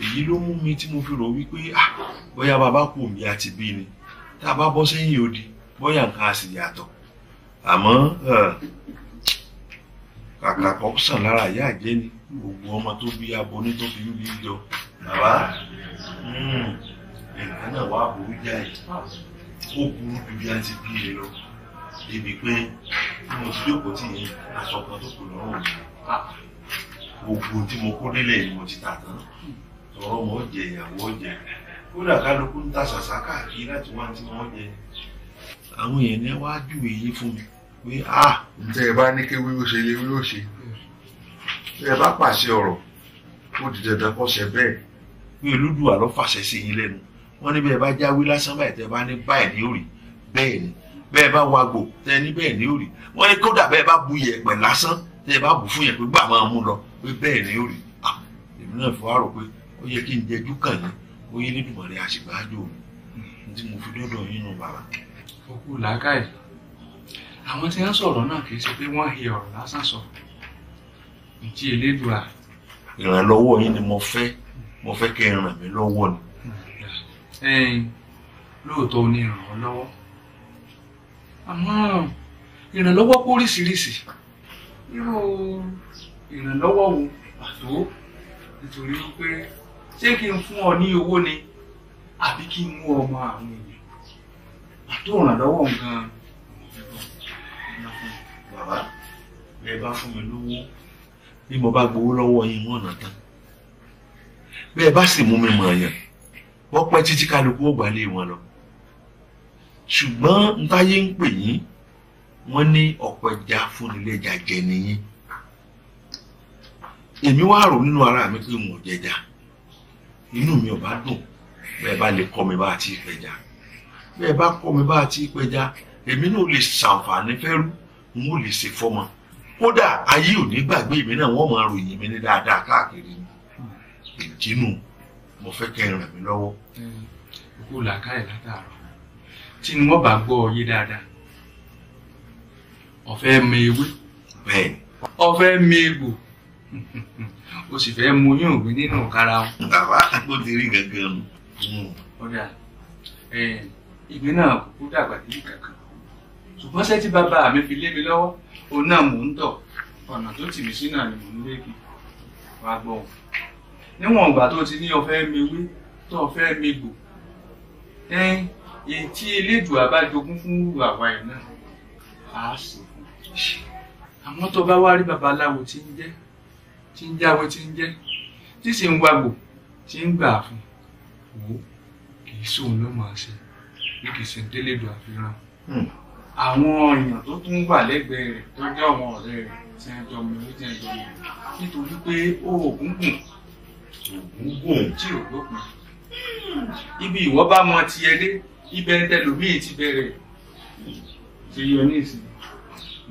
èyí ló mú mi tí mo fi rò wípé ah, bóyá bàbá kù mi àti bí ni tá a bá bọ́ sẹ́yìn odi bóyá nǹkan á sì yàtọ̀ àmọ́ kàkà kọ́ sàn lára ìyá àjẹ́ ni gbogbo ọmọ tó bí aboní tó fi ń bí jọ bàbá nǹkan hmm, náà wàá burú jáì ó burú ju bí a ti bí e lọ débi pé mo ti jókòó tì yín aṣọ kan tó kù lọ́rùn gbogbo tí mo kó délẹ̀ ni mo ti tà tán tọrọ mọ́ jẹ ìyàwó jẹ kódà kálukú ń ta ṣàṣà káàkiri láti wá tí wọ́n jẹ àwọn èèyàn yẹn wá júwe yín fún mi pé a. Ah, ǹjẹ́ ẹ bá ní kí wíwó ṣe lé wíwó ṣe ẹ bá pàṣẹ ọ̀rọ̀ ó di dandan kó ṣe bẹ́ẹ̀. pé olúdùwà ló fàṣẹ sí yín lẹ́nu wọ́n ní bẹ́ẹ̀ bá jáwé lásán báyìí tẹ́ bá ní báyìí ní òrì bẹ́ẹ̀ ni bẹ́ẹ̀ bá wagbò tẹ́ ní bẹ́ẹ̀ ní òrì wọ́n ní kódà bẹ́ẹ̀ bá bu yẹ̀pẹ̀ lásán tẹ́ bá bù fún yẹn pé gbà máa mú lọ pé bẹ́ẹ̀ ní òrì ah, èmi náà fọwọ́ rò pé ó yẹ kí n jẹjú kàn yín bóyá elédùnmọ̀rẹ́ àṣìbájò mi tí mo fi dọ́dọ̀ yín nù bàbá. òkú làákàyè àwọn tí wọ́n sọ̀rọ̀ náà kì í ṣe pé wọ́n hi ọ̀rọ̀ lásán sọ ìjì elédùà. ìrànlọ́wọ́ yín ni mo fẹ́ mo fẹ́ kẹ́ ẹ ràn mí lọ́wọ́ ni. lóòótọ́ ni ìrànlọ́wọ́ àmọ́ ìrànlọ́wọ́ kó oríṣiríṣi irú ìrànlọ́wọ́ wo pàtó nítorí pé. ṣé kí n fún ọ ní owó ni àbí kí n mú ọmọ àwọn èèyàn àtòrànlọ́wọ́ nǹkan bàbá bẹ́ẹ̀ bá fún mi lówó bí mo bá gbowó lọ́wọ́ yín wọ́n nà tán bá sì mú mi mọ̀ wọ́n pẹ́ lọ ṣùgbọ́n ntáyé ń pè yín wọ́n ní ọ̀pọ̀ ẹja fúnilẹ́jà jẹ nìyí èmi wá rò nínú ara mi pé mo inú mi ò bá dùn bẹ́ẹ̀ bá lè kọ́ mi bá àti ìpẹja bẹ́ẹ̀ bá kọ́ mi bá àti ìpẹja èmi náà lè ṣàǹfààní fẹ́rú n ó lè ṣe fọmọ kódà ayé ò ní gbàgbé mi náà wọ́n máa ròyìn mi ní dáadáa káàkiri ìjínú mo fẹ́ kẹ́ ràn mí lọ́wọ́. kó làákàyè látàárọ̀ tí ni wọ́n bá gbọ́ ọ yé dáadáa ọ̀fẹ́ mi ewé ọ̀fẹ́ mi egbò o sì fẹ́ mu yín òbí nínú kára o. bàbá kò ti rí gangan nù. ọ̀dà hmm, ìgbín náà kúkú dàgbà sí kankan ṣùgbọ́n sẹ́tí bàbá mi fi lé mi lọ́wọ́ òun náà mò ń tọ̀ ọ̀nà tó tì mí sí náà ni mò ń lé kí wàá gbọ́ ọ. níwọ̀n ìgbà tó ti ní ọ̀fẹ́ mi wí tó ọ̀fẹ́ mi gbò èyí tí elédùn àbájogún fún àwa ẹ̀ náà á sì àmọ́ tó bá wá rí babaláwo tí ń jẹ́ tí ń jáwé tí ń jẹ́ tí sì ń wàgbò tí ń gbà fún wò ó kì í sóun ló máa ṣe bí kì í ṣe délédò àfihàn hmm. àwọn èèyàn tó tún wà lẹ́gbẹ̀ẹ́ rẹ̀ tó jẹ́ àwọn ọ̀rẹ́ rẹ̀ tí ń jọ mi ní tí ń jọ mi nítorí pé oògùn gùn oògùn gùn tí ò lópin ibi ìwọ bá mọ tiẹ̀ dé ibẹ̀ ń ti bẹ̀rẹ̀ ti yọ ní ìsìn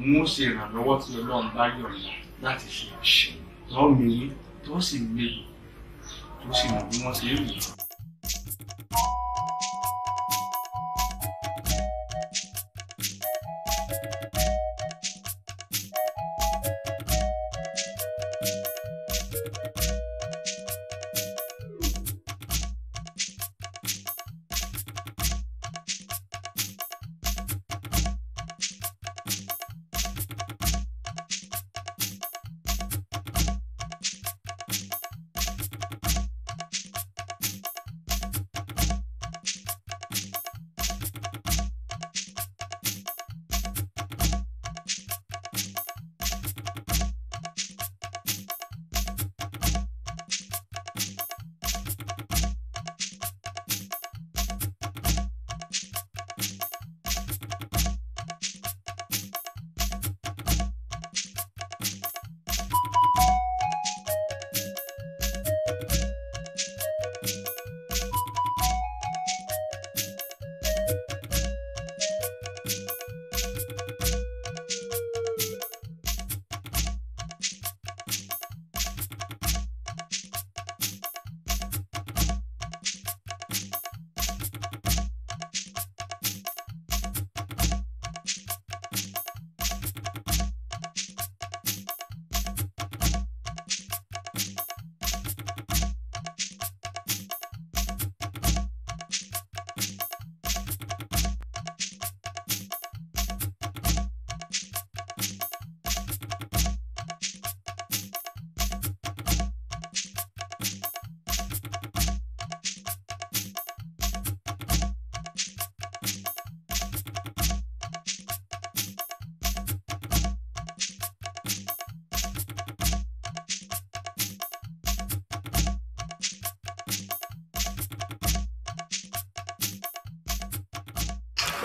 mo ṣèrànlọ́wọ́ tí Ọlọ́run bá yọ̀ láti ṣe àṣẹ lọ́ọ́ mi tó sì mi tó sì mọ̀ bí wọ́n ṣe é wù.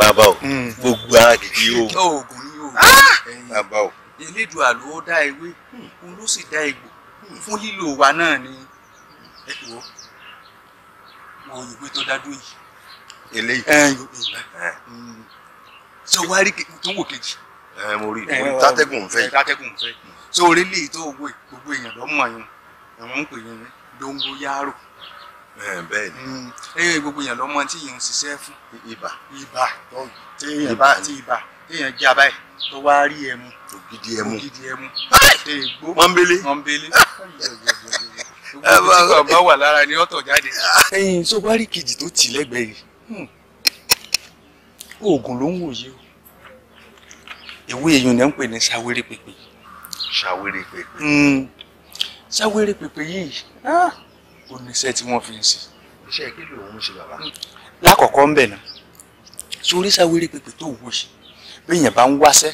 bàbá o hmm. gbogbo àdìdí o oògùn ni o ah! bàbá o. elédùà ló dá ewé òun ló sì dá egbò fún lílo wa náà ni ẹ wọ wọn òyìnbó tó dá dúró yìí. eléyìí so eh. wá rí tó wò kejì. mo rí tátẹ́gùn fẹ́ tátẹ́gùn fẹ́ yìí so tó gbogbo èèyàn lọ́mọ yẹn àwọn ń pè yẹn dóńgó bẹ́ẹ̀ni. ẹ hmm. gbogbo yẹn lọmọ tí yìí ń ṣiṣẹ́ fún. ibà. ibà ibà tí ibà téèyàn já báyìí tó wá rí ẹmu. ògidì ẹmu ògidì ẹmu. èègbó mọ́nbélé. mọ́nbélé. Ah! gbogbo ọba wà lára ni ọ̀tọ̀ jáde. ẹyin tó bá rí kejì tó tì lẹ́gbẹ̀ẹ́ yìí hmm. oògùn ló ń wòye o ìwé èèyàn ni à ń pè ní ṣàwérè pèpè. ṣàwérè pèpè. Hmm. ṣàwérè pèpè yìí. Ah! ó níṣẹ́ tí wọ́n fi ń ṣe. iṣẹ́ kí ló ń ṣe bàbá. lákọ̀ọ́kọ́ ń bẹ̀ náà sórí sáwéré pépè tó wò ṣe béèyàn bá ń wáṣẹ́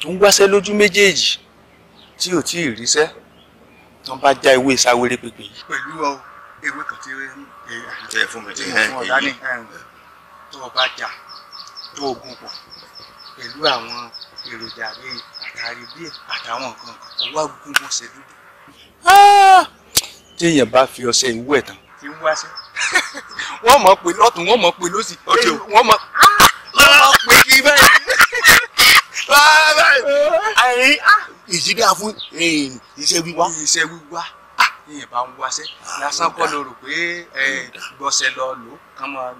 tó ń wáṣẹ́ lójú méjèèjì tí ò tí ì ríṣẹ́ tó ń bá já ewé sáwéré pépè yìí. pẹ̀lú ọ ewé kan tí ẹ fún mi tí mo fún ọ̀dá ní tó o bá jà tó o gùn pọ̀ pẹ̀lú àwọn èròjà bíi àtàrí bíi àtàwọn nǹkan ọwọ́ agungun ṣe dúdú téèyàn bá fi ọṣẹ ìwú ẹ̀ tán. ti wú aṣẹ. wọ́n mọ̀ pé lọ́tún wọ́n mọ̀ pé lọ́sì. ọjọ́ ah! wọ́n mọ̀ pé kí bẹ́ẹ̀. àyìn ìṣídà fún iṣẹ́ eh, wíwá. iṣẹ́ wíwá èèyàn ah! bá ń wáṣẹ́ lásán kọ́ ló rò pé eh, gbọ́sẹ̀ lọ lò kán máa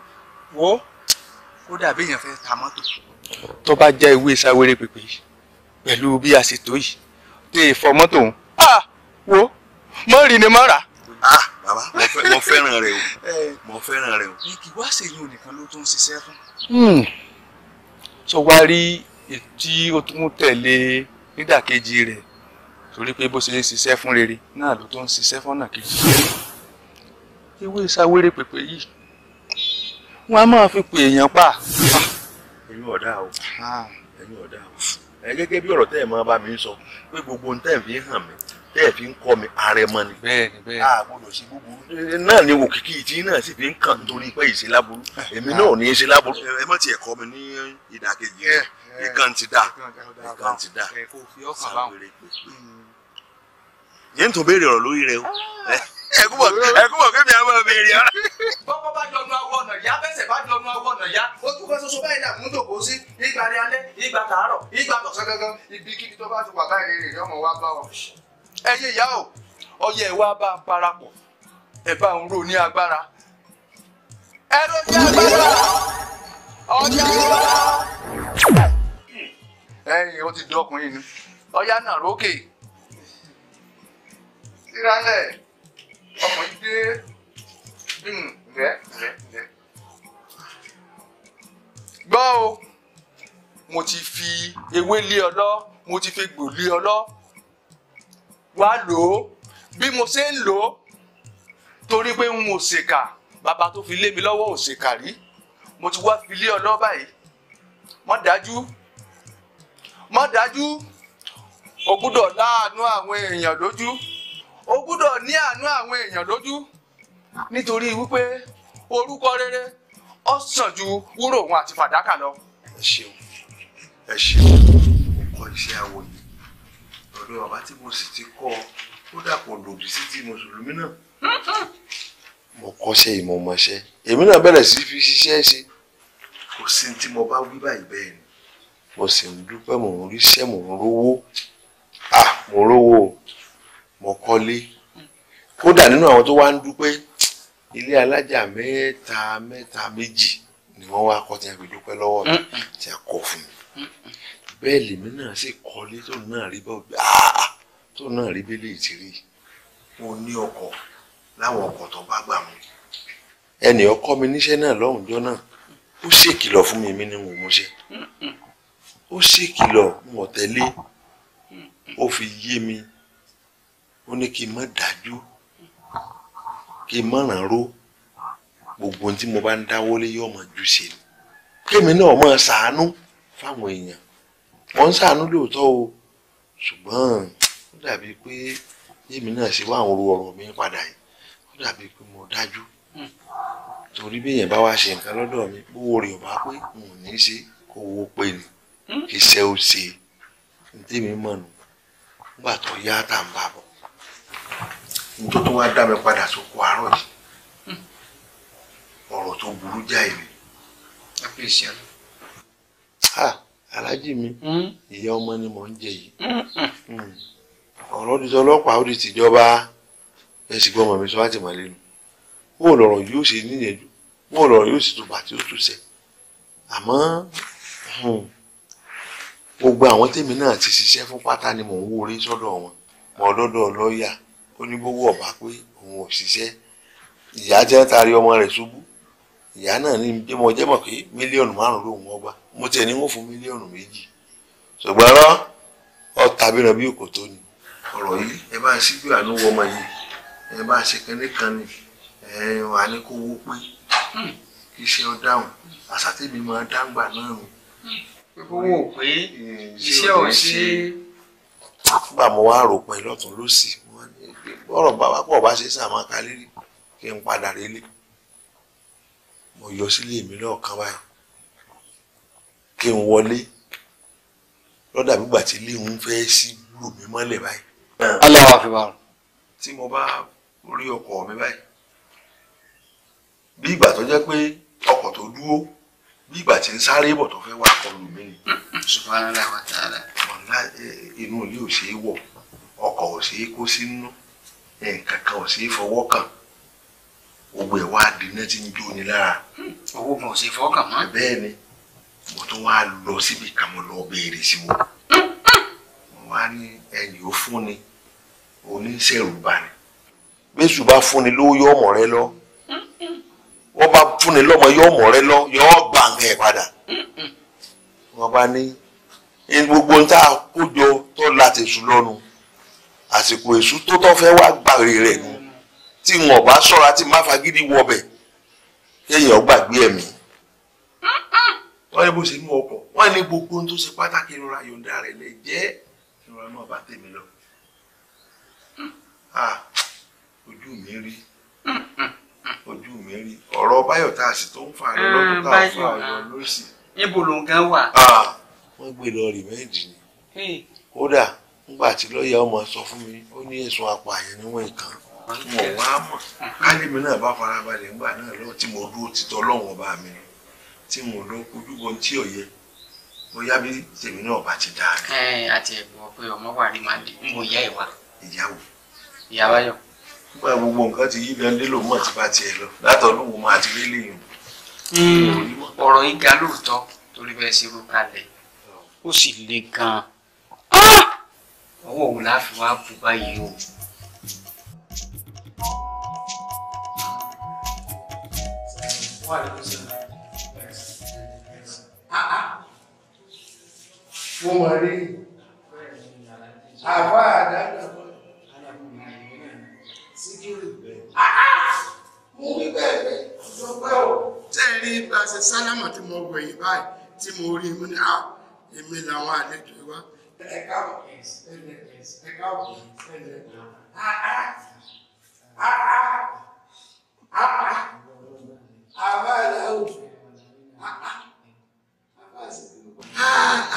wò ó kódà bí èèyàn fẹ́ ta mọ́tò. tó bá jẹ́ ìwé sáwéré pèpè pẹ̀lú bí a ṣe tó yìí tó èèfọ́ mọ́tò òun ah! wo mọ́rin ni mọ́ra ah bàbá mo fẹ́ràn rẹ o mo fẹ́ràn rẹ o. ẹ kì í wá ṣèyún nìkan ló tún ṣiṣẹ́ fún. sọ hmm. wá rí tí ó tún tẹ̀lé nídàkejì rẹ̀ torí pé bó ṣe ń ṣiṣẹ́ fún rere náà ló tún ń ṣiṣẹ́ fọ́nà kejì ewé sáwéré pèpè yìí wọn a máa fi pè èèyàn pa. Ah, ẹ̀yin ọ̀dà o ah. ẹ̀yin ọ̀dà o ẹ gẹ́gẹ́ bí ọ̀rọ̀ tẹ́ ẹ̀ máa bá mi sọ pé gbogbo ohun tẹ́ ẹ̀ fi hàn mí tẹ́ẹ̀ fi ń kọ́ mi àrẹ̀mọ ni àgbọ̀dọ̀ sí búburú náà ni wò kìkì tí náà sì fi ń kàn torí pé ìṣe láburú èmi náà ní í ṣe láburú. ẹ má tiẹ̀ kọ́ mi ní ìdàkejì rẹ̀ ìkan ti dà ìkan ti dà sàwérè pèpè. yẹn tó béèrè ọ̀rọ̀ lórí rẹ o ah. ẹ kúbọ̀ ẹ kúbọ̀ kébi àwọn ọmọ èrè ọ̀rọ̀. bọ́kọ́ bá jọ nu awọ ọ̀nà yá bẹ́sẹ̀ bá jọ nu awọ ọ̀nà yá. ó tún fẹ́ soso báyìí náà mú tòkó sí ìgbà ní alẹ́ ìgbà tàárọ̀ ìgbà tọ̀sán gangan ibi kíbi tó bá ti wà báyìí rè é ọmọ wa bá wọn ẹyẹ ìyá o ọyẹ ìwà bá a parapọ̀ ẹ bá ń rò ní agbára ẹ ló ní agbára ọjà agbára ẹyìn ó ti di ọkùnrin ni ọyá náà rókè sílálẹ̀ ọkùnrin dé rẹ rẹ rẹ gbọ́ o mo ti fi ewé lé ọ lọ mo ti fi gbò lé ọ lọ wá lò ó bí mo ṣe ń lò ó torí pé n ò ṣèkà bàbá tó fi lé mi lọ́wọ́ ò ṣèkà rí mo ti wá fi lé ọ lọ́wọ́ báyìí mọ́ dájú mọ́ dájú o gbúdọ̀ láàánú àwọn èèyàn lójú o gbúdọ̀ ní àánú àwọn èèyàn lójú nítorí wípé orúkọ rere ó sàn ju wúrò òun àti fàdákà lọ. ẹ ṣeun ẹ ṣeun ó kọ iṣẹ́ àwòyí ọ̀dọ̀ bàbá tí mo sì ti kọ́ ó dàpọ̀ lòdì sí ti mùsùlùmí náà. mo kọ́ṣẹ́ ìmọ̀ ọmọṣẹ́ èmi náà bẹ̀rẹ̀ sí fi ṣiṣẹ́ ṣe kò sí tí mo bá wí báyìí bẹ́ẹ̀ ni mo sì ń dúpẹ́ mò ń ríṣẹ́ mò ń rówó à ah, mo rówó mo kọ́lé kódà nínú àwọn tó wá ń dúpẹ́ ilé alájà mẹ́ta mẹ́ta méjì ni wọ́n wá kọ́ tí a fi dúpẹ́ lọ́wọ́ mi tí a kọ́ bẹ́ẹ̀ lèmi náà sì kọ́lé tóun náà rí bọ́ọ̀gbẹ́ àá ah! tóun náà rí bẹ́lẹ̀ ìtìrí mo ní ọkọ̀ láwọn ọkọ̀ tó bá gbà mí ẹnì ọkọ mi níṣẹ́ náà lọ́hùnjọ́ náà ó ṣèkìlọ̀ fún mi mi ni mo mọṣẹ́ ó ṣèkìlọ̀ mo tẹ̀lé ó fi yé mi ó ní kí n má dájú kí n má ràn ró gbogbo ohun tí mo bá ń dáwọ́lé yóò máa ju ṣe ni kémi náà máa ṣàánú fáwọn èèyàn wọ́n ń ṣàánú lóòótọ́ o ṣùgbọ́n ó dàbí pé yémi náà ṣe wá àwọn ọ̀rọ̀ mi padà yìí ó dàbí pé mo dájú hmm. torí béèyàn bá wá ṣe nǹkan lọ́dọ̀ mi owó rẹ̀ ò bá pé n ò ní ṣe kó owó pé ni hmm. iṣẹ́ ó ṣe ntẹ́mi mọ̀ nù nígbà tó yá tá n bá bọ̀ nítorí tó wá dá mi padà sóko àárọ̀ yìí hmm. ọ̀rọ̀ tó burú jáì mi. a ah! alájì mi hmm? ìyá ọmọ ni mò ń jẹ yìí hmm, hmm. ọ̀rọ̀ ti ọlọ́pàá ó di tìjọba ẹ sì gbọ́ ọmọ mi sọ láti mọ̀ lẹ́nu wọn ò lọ̀rọ̀ yóò ṣe níyànjú wọn ò lọ̀rọ̀ yóò sì tùbà tí ó tù sẹ́ àmọ́ gbogbo àwọn tèmi náà ti ṣiṣẹ́ fún pátá ni mò ń wó orí sọ́dọ̀ wọn mọ̀ ọ́dọ́dọ̀ lọ́ọ̀yà onígbówó ọ̀bá pé òun ò ṣiṣẹ́ ìyá jẹ́ ń ọmọ rẹ̀ ṣubú ìyá náà ní bímọ jẹ́mọ̀ pé mílíọ̀nù márùn-ún lòun ọgbà mo tiẹ̀ ní wọ́n fún mílíọ̀nù méjì ṣùgbọ́n rán ọ̀tá bíran bí òkò tó ni ọ̀rọ̀ yìí ẹ bá ń síjú àánú wọ ọmọ yìí ẹ bá ń ṣe kínní kan ni ẹ wà ní kó wó pé hmm, kí iṣẹ́ ọ dáhùn àṣà tèmi máa dáńgbà náà nù. ó wò pé iṣẹ́ ò ṣe é. nígbà mo wá rò pin lọ́tún lọ́sì ọ̀rọ̀ bàbá pọ̀ bá ṣe sàmọ́ kalẹ́rì kí n padà rélé mo yọ sílé mi lọ́ọ̀kan báyìí kí n wọlé lọ́dà gbígbà tí ilé òun fẹ́ sí lù mí mọ́lẹ̀ báyìí. aláwa fi wà. tí mo bá rí ọkọ mi báyìí bí ìgbà tó jẹ́ pé ọkọ̀ tó dúró bí ìgbà tí ń sáré bọ̀ tó fẹ́ wá kọlù mí ni. subhanallah wa ta'ala. ọ̀la inú ilé ò ṣeé wọ̀ ọkọ̀ ò ṣeé kó sínú nǹkan kan ò ṣeé fọwọ́ kàn gbogbo ẹ̀ wá di náà ti ń jó ni lára. Hm, owó kan ò ṣeé fọwọ́ kàn mọ́. bẹ́ẹ̀ ni. mo tún wá lọ síbi kan mo lọ béèrè sí wo mo wá ní ẹyìn ó fúnni oníṣẹ́rùbá ni bẹ́sù bá fúnni lówó yọ ọmọ rẹ lọ wọ́n bá fúnni lọ́mọ yọ ọmọ rẹ lọ yọ ọ́ gbà ń ẹ̀ padà wọ́n bá ní gbogbo ń tá a kójọ tó láti sùn lọ́nu àsìkò èṣù tó tọ́ fẹ́ wá gbàre rẹ̀ nu tí wọn bá ṣọ́ra tí má fagídí wọbẹ̀ kéèyàn gbàgbé ẹ̀mí wọ́n ní bó ṣe mú ọkọ̀ wọ́n ní gbogbo ohun tó ṣe pàtàkì ìrora yọ̀ǹda rẹ̀ lè jẹ́ ìrora náà bá tèmi lọ. ojú mi rí ojú mi rí ọ̀rọ̀ báyọ̀ tá a sì tó ń fa àlọ́ ah, lọ́dún tá a fa àlọ́ ah. lọ́sì. níbo ló ń gan wà. wọ́n gbé lọ rìmẹ́ǹdì ni kódà nígbà tí lọ́ọ̀yà ọmọ sọ fún mi ó ní ẹ̀sùn apààyàn níwọ̀n ìkan mo wá mọ̀ kálí mi náà bá farabalẹ̀ nígbà náà lọ́wọ́ tí mo dúró tí n ò lọ kojú bọ tí ò yẹ bóyá bí tèmi náà bá ti dáa. ẹ àti ẹ̀gbọ́n pé ọmọ wà rí máa di mo ìyá ìwà. ìyàwó. ìyá báyọ̀. nígbà gbogbo nǹkan ti yí lẹ́nu lò mọ̀ tí bá tiẹ̀ lọ látọ̀lú wo máa ti rí lẹ́yìn. Hmm, ọ̀rọ̀ yìí ga lóòótọ́ torí bẹ́ẹ̀ ṣe rú kalẹ̀ ó sì le gan-an ah! ọwọ́ òun la fi wá bu báyìí o. wà á lè kó sí Ah, ah. wọ́n mọ̀ rí àfá àdájọ́ mú wípé ẹ̀fẹ́ ìjọpẹ́ ò tẹ́rí bá ṣe sálámà tí mo wọ̀ yìí báyìí tí mo rí mú ní à ah, èmi làwọn àlejò wá ẹ̀ka ẹ̀ka ẹ̀ka àbá ẹ̀lẹ́ òjò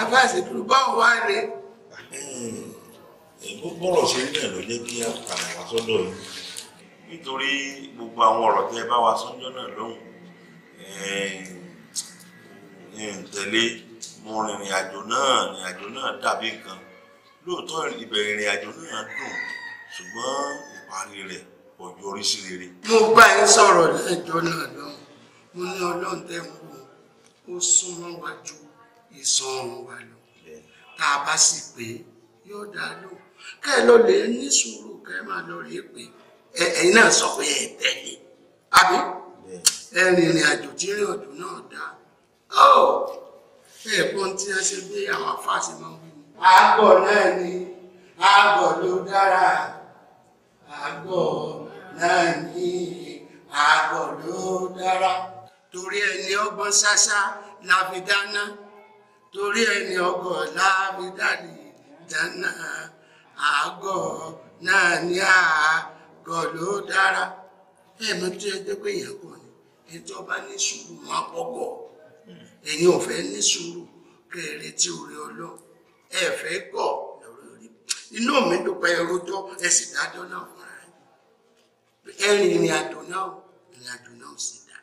àbá àṣẹdúró báwo wá rè. gbogbo ọ̀rọ̀ ṣe rí náà ló jẹ́ kí àpàlà wá sọ́dọ̀ yìí nítorí gbogbo àwọn ọ̀rọ̀ tẹ́ ẹ bá wa sọ́jọ́ náà lọ́hùn tẹ̀lé mo rìnrìn àjò náà rìnrìn àjò náà dàbí nǹkan lóòótọ́ ìbẹ̀rẹ̀ ìrìn àjò náà dùn ṣùgbọ́n ìparí rẹ̀ kò yọrí sí rere. mo bá yín sọ̀rọ̀ lẹ́jọ́ náà lọ́hùn mo ní ọlọ́run tẹ́ ń wò ó súnmọ́ wájú ìsọrùn wa lọ tá a bá sì pé yóò dáa lò kẹ́ ẹ lọ lè ní sùúrù kẹ́ ẹ máa lọ lè pé ẹ̀yin náà sọ pé ẹ tẹ̀lé àbí ẹ rìnrìn àjò tí rìn ọ̀dùn náà dáa ọ̀ ẹ̀ tí ẹ ṣe gbé àwọn afáàsì máa ń wí. àgọ̀ náà ni àgọ̀ ló dára àgọ̀ náà ni àgọ̀ ló dára torí ẹni ọgbọ́n ṣáṣá la fi dáná torí ẹni ọgọ́ láàmì dàdí dáná àgọ́ náà ní àgọ́ ló dára ẹ̀mọ́ tó yẹ pé èèyàn kàn ní ẹjọ́ bá ní sùúrù wọn pọ́gọ́ ẹ̀yin ò fẹ́ ní sùúrù kẹrẹ tí orí ọlọ́ ẹ fẹ́ gọ̀ inú mi dúpẹ́ ẹrújọ́ ẹ sì dájọ́ náà fúnra ẹ rìn ìrìn àjò náà ìrìn àjò náà sì dá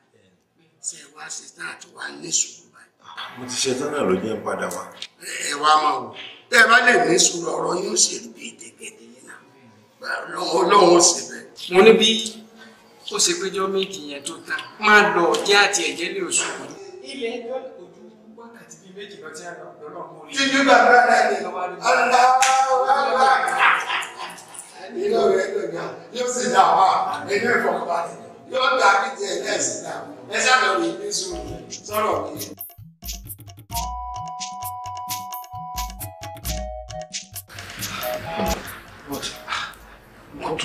ṣe wá sí náà tó wá ní sùúrù mo ti ṣetán náà ló jẹ́ ń padà wá. ẹ wá máa wò tẹ́ ẹ bá lè ní sùúrù ọ̀rọ̀ yóò ṣe bí ìdẹ́gẹ́dẹ́ yìí náà ọlọ́run ó sì bẹ́ẹ̀. mo ní bí ó ṣe péjọ méjì yẹn tó tán máa lọ ọjẹ́ àti ẹ̀jẹ̀ lè oṣù kan. ilé ẹjọ́ kò ju wákàtí bíi méjì lọ sí àgbà ọ̀dọ́ náà mọ́ rí. jíjú bàbá rẹ ni aláwọ̀ nínú rẹ lóga yóò sì dà wá nínú ìfọ̀kànbalẹ̀ yóò dà bí tiẹ̀ náà sì dà ẹ sábà rí ní sùúrù sọ̀rọ̀ kí.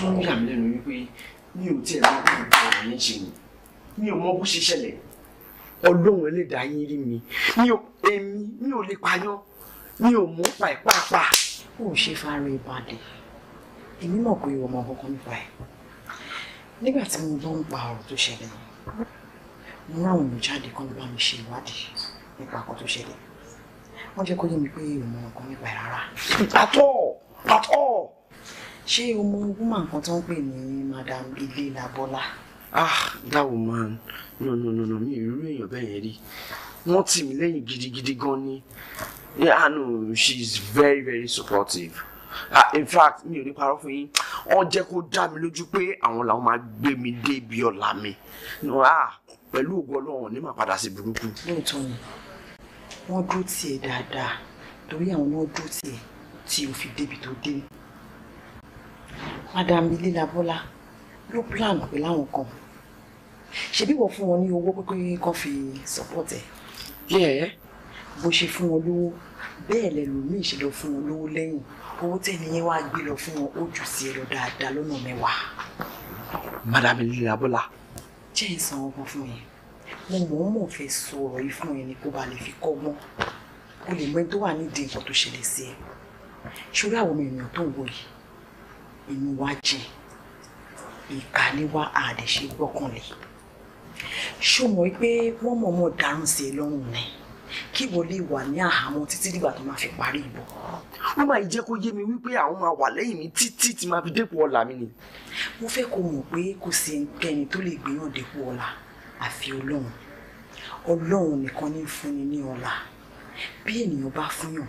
tó ń yà mí lẹ́nu wípé mi ò tiẹ̀ mọ bí yẹn ṣe ni mi ò mọ bó ṣe ṣẹlẹ̀ ọlọ́run ẹlẹ́dàá yín rí mi mi ò èmi mi ò lè payán mi ò mú pàìpàápàá. ó ṣe fara ìbàdàn èmi mọ̀ pé ọmọ kankan nípa ẹ̀ nígbà tí mo bá ń pa ọ̀rọ̀ tó ṣẹlẹ̀ mo ráwọn olùjáde kan bá mi ṣe ìwádìí nípa ọkọ̀ tó ṣẹlẹ̀ wọ́n jẹ́ kó yé mi pé ìmọ̀ nǹkan nípa ẹ̀ rárá. àtọ̀ àtọ̀ ṣé ọmọ woman kan tó ń pè ní madam ilé labọ́lá. ah that woman no no no no mi ì rírú èèyàn bẹ́ẹ̀ yẹn rí wọ́n tì mí lẹ́yìn gidigidi gan ni yeah, I know she is very very supportive ah in fact mi ò ní parọ́ fún yín wọ́n jẹ́ kó dá mi lójú pé àwọn làwọn máa gbé mi dé ibi ọ̀la mi ah pẹ̀lú ògo ọlọ́run ní màá padà sí burúkú. lóòótọ́ ni wọ́n dúró tiẹ̀ dáadáa torí àwọn náà dúró tiẹ̀ tí o fi débi tó dé madam lílà bọ́lá ló plan pé láwọn kan ṣebí wọ́n fún wọn ní owó pé kán fi support ẹ̀. yẹ́ẹ̀. bó ṣe fún wọn lówó bẹ́ẹ̀ lẹ́lòmíì ṣe lọ fún wọn lówó lẹ́yìn owó tẹ̀lé yẹn wàá gbé lọ fún wọn ó jù sí ẹ lọ dáadáa lọ́nà mẹ́wàá. madam lílà bọ́lá. jẹ́ ìsan ọkọ fún yẹn mo mọ̀ ọ́n mọ̀ fẹ́ sọ ọ̀rọ̀ yìí fún yẹn ni kó ba lè fi kọ́gbọ́n kó lè mọ ẹni tó wà nídìí nǹkan tó ṣẹlẹ̀ sí ẹ ṣúrí àwọn ọmọ ènìyàn tó ń wò yìí inú wa jẹ ìka ni wá àdè ṣe gbọ́kànlé ṣó mọ̀ pé wọ́n mọ̀ọ́mọ̀ dárùn sí ẹ lọ́rùn ni kí ìwọ lè wà ní àhámọ́ títí dìgbà tó máa fi parí ìbò. wọ́n máa jẹ́ kó yé mi wípé àwọn máa wà lẹ́yìn mi títí tí máa fi dépò ọlà mi ni. mo fẹ́ kó mọ̀ pé kò sí ẹnikẹ́ni tó lè gbéyàn dépò ọlà àfi ọlọ́run ọlọ́run nìkan ní fúnni ní ọlà bí ènìyàn bá fúnyàn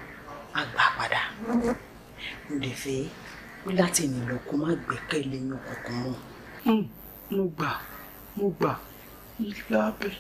á gbà padà. mo lè fẹ́ pé láti ìnìlọ kó má gbẹ́kẹ̀lé yan kankan mọ́. Hmm, mo gbà mo gbà lábẹ́.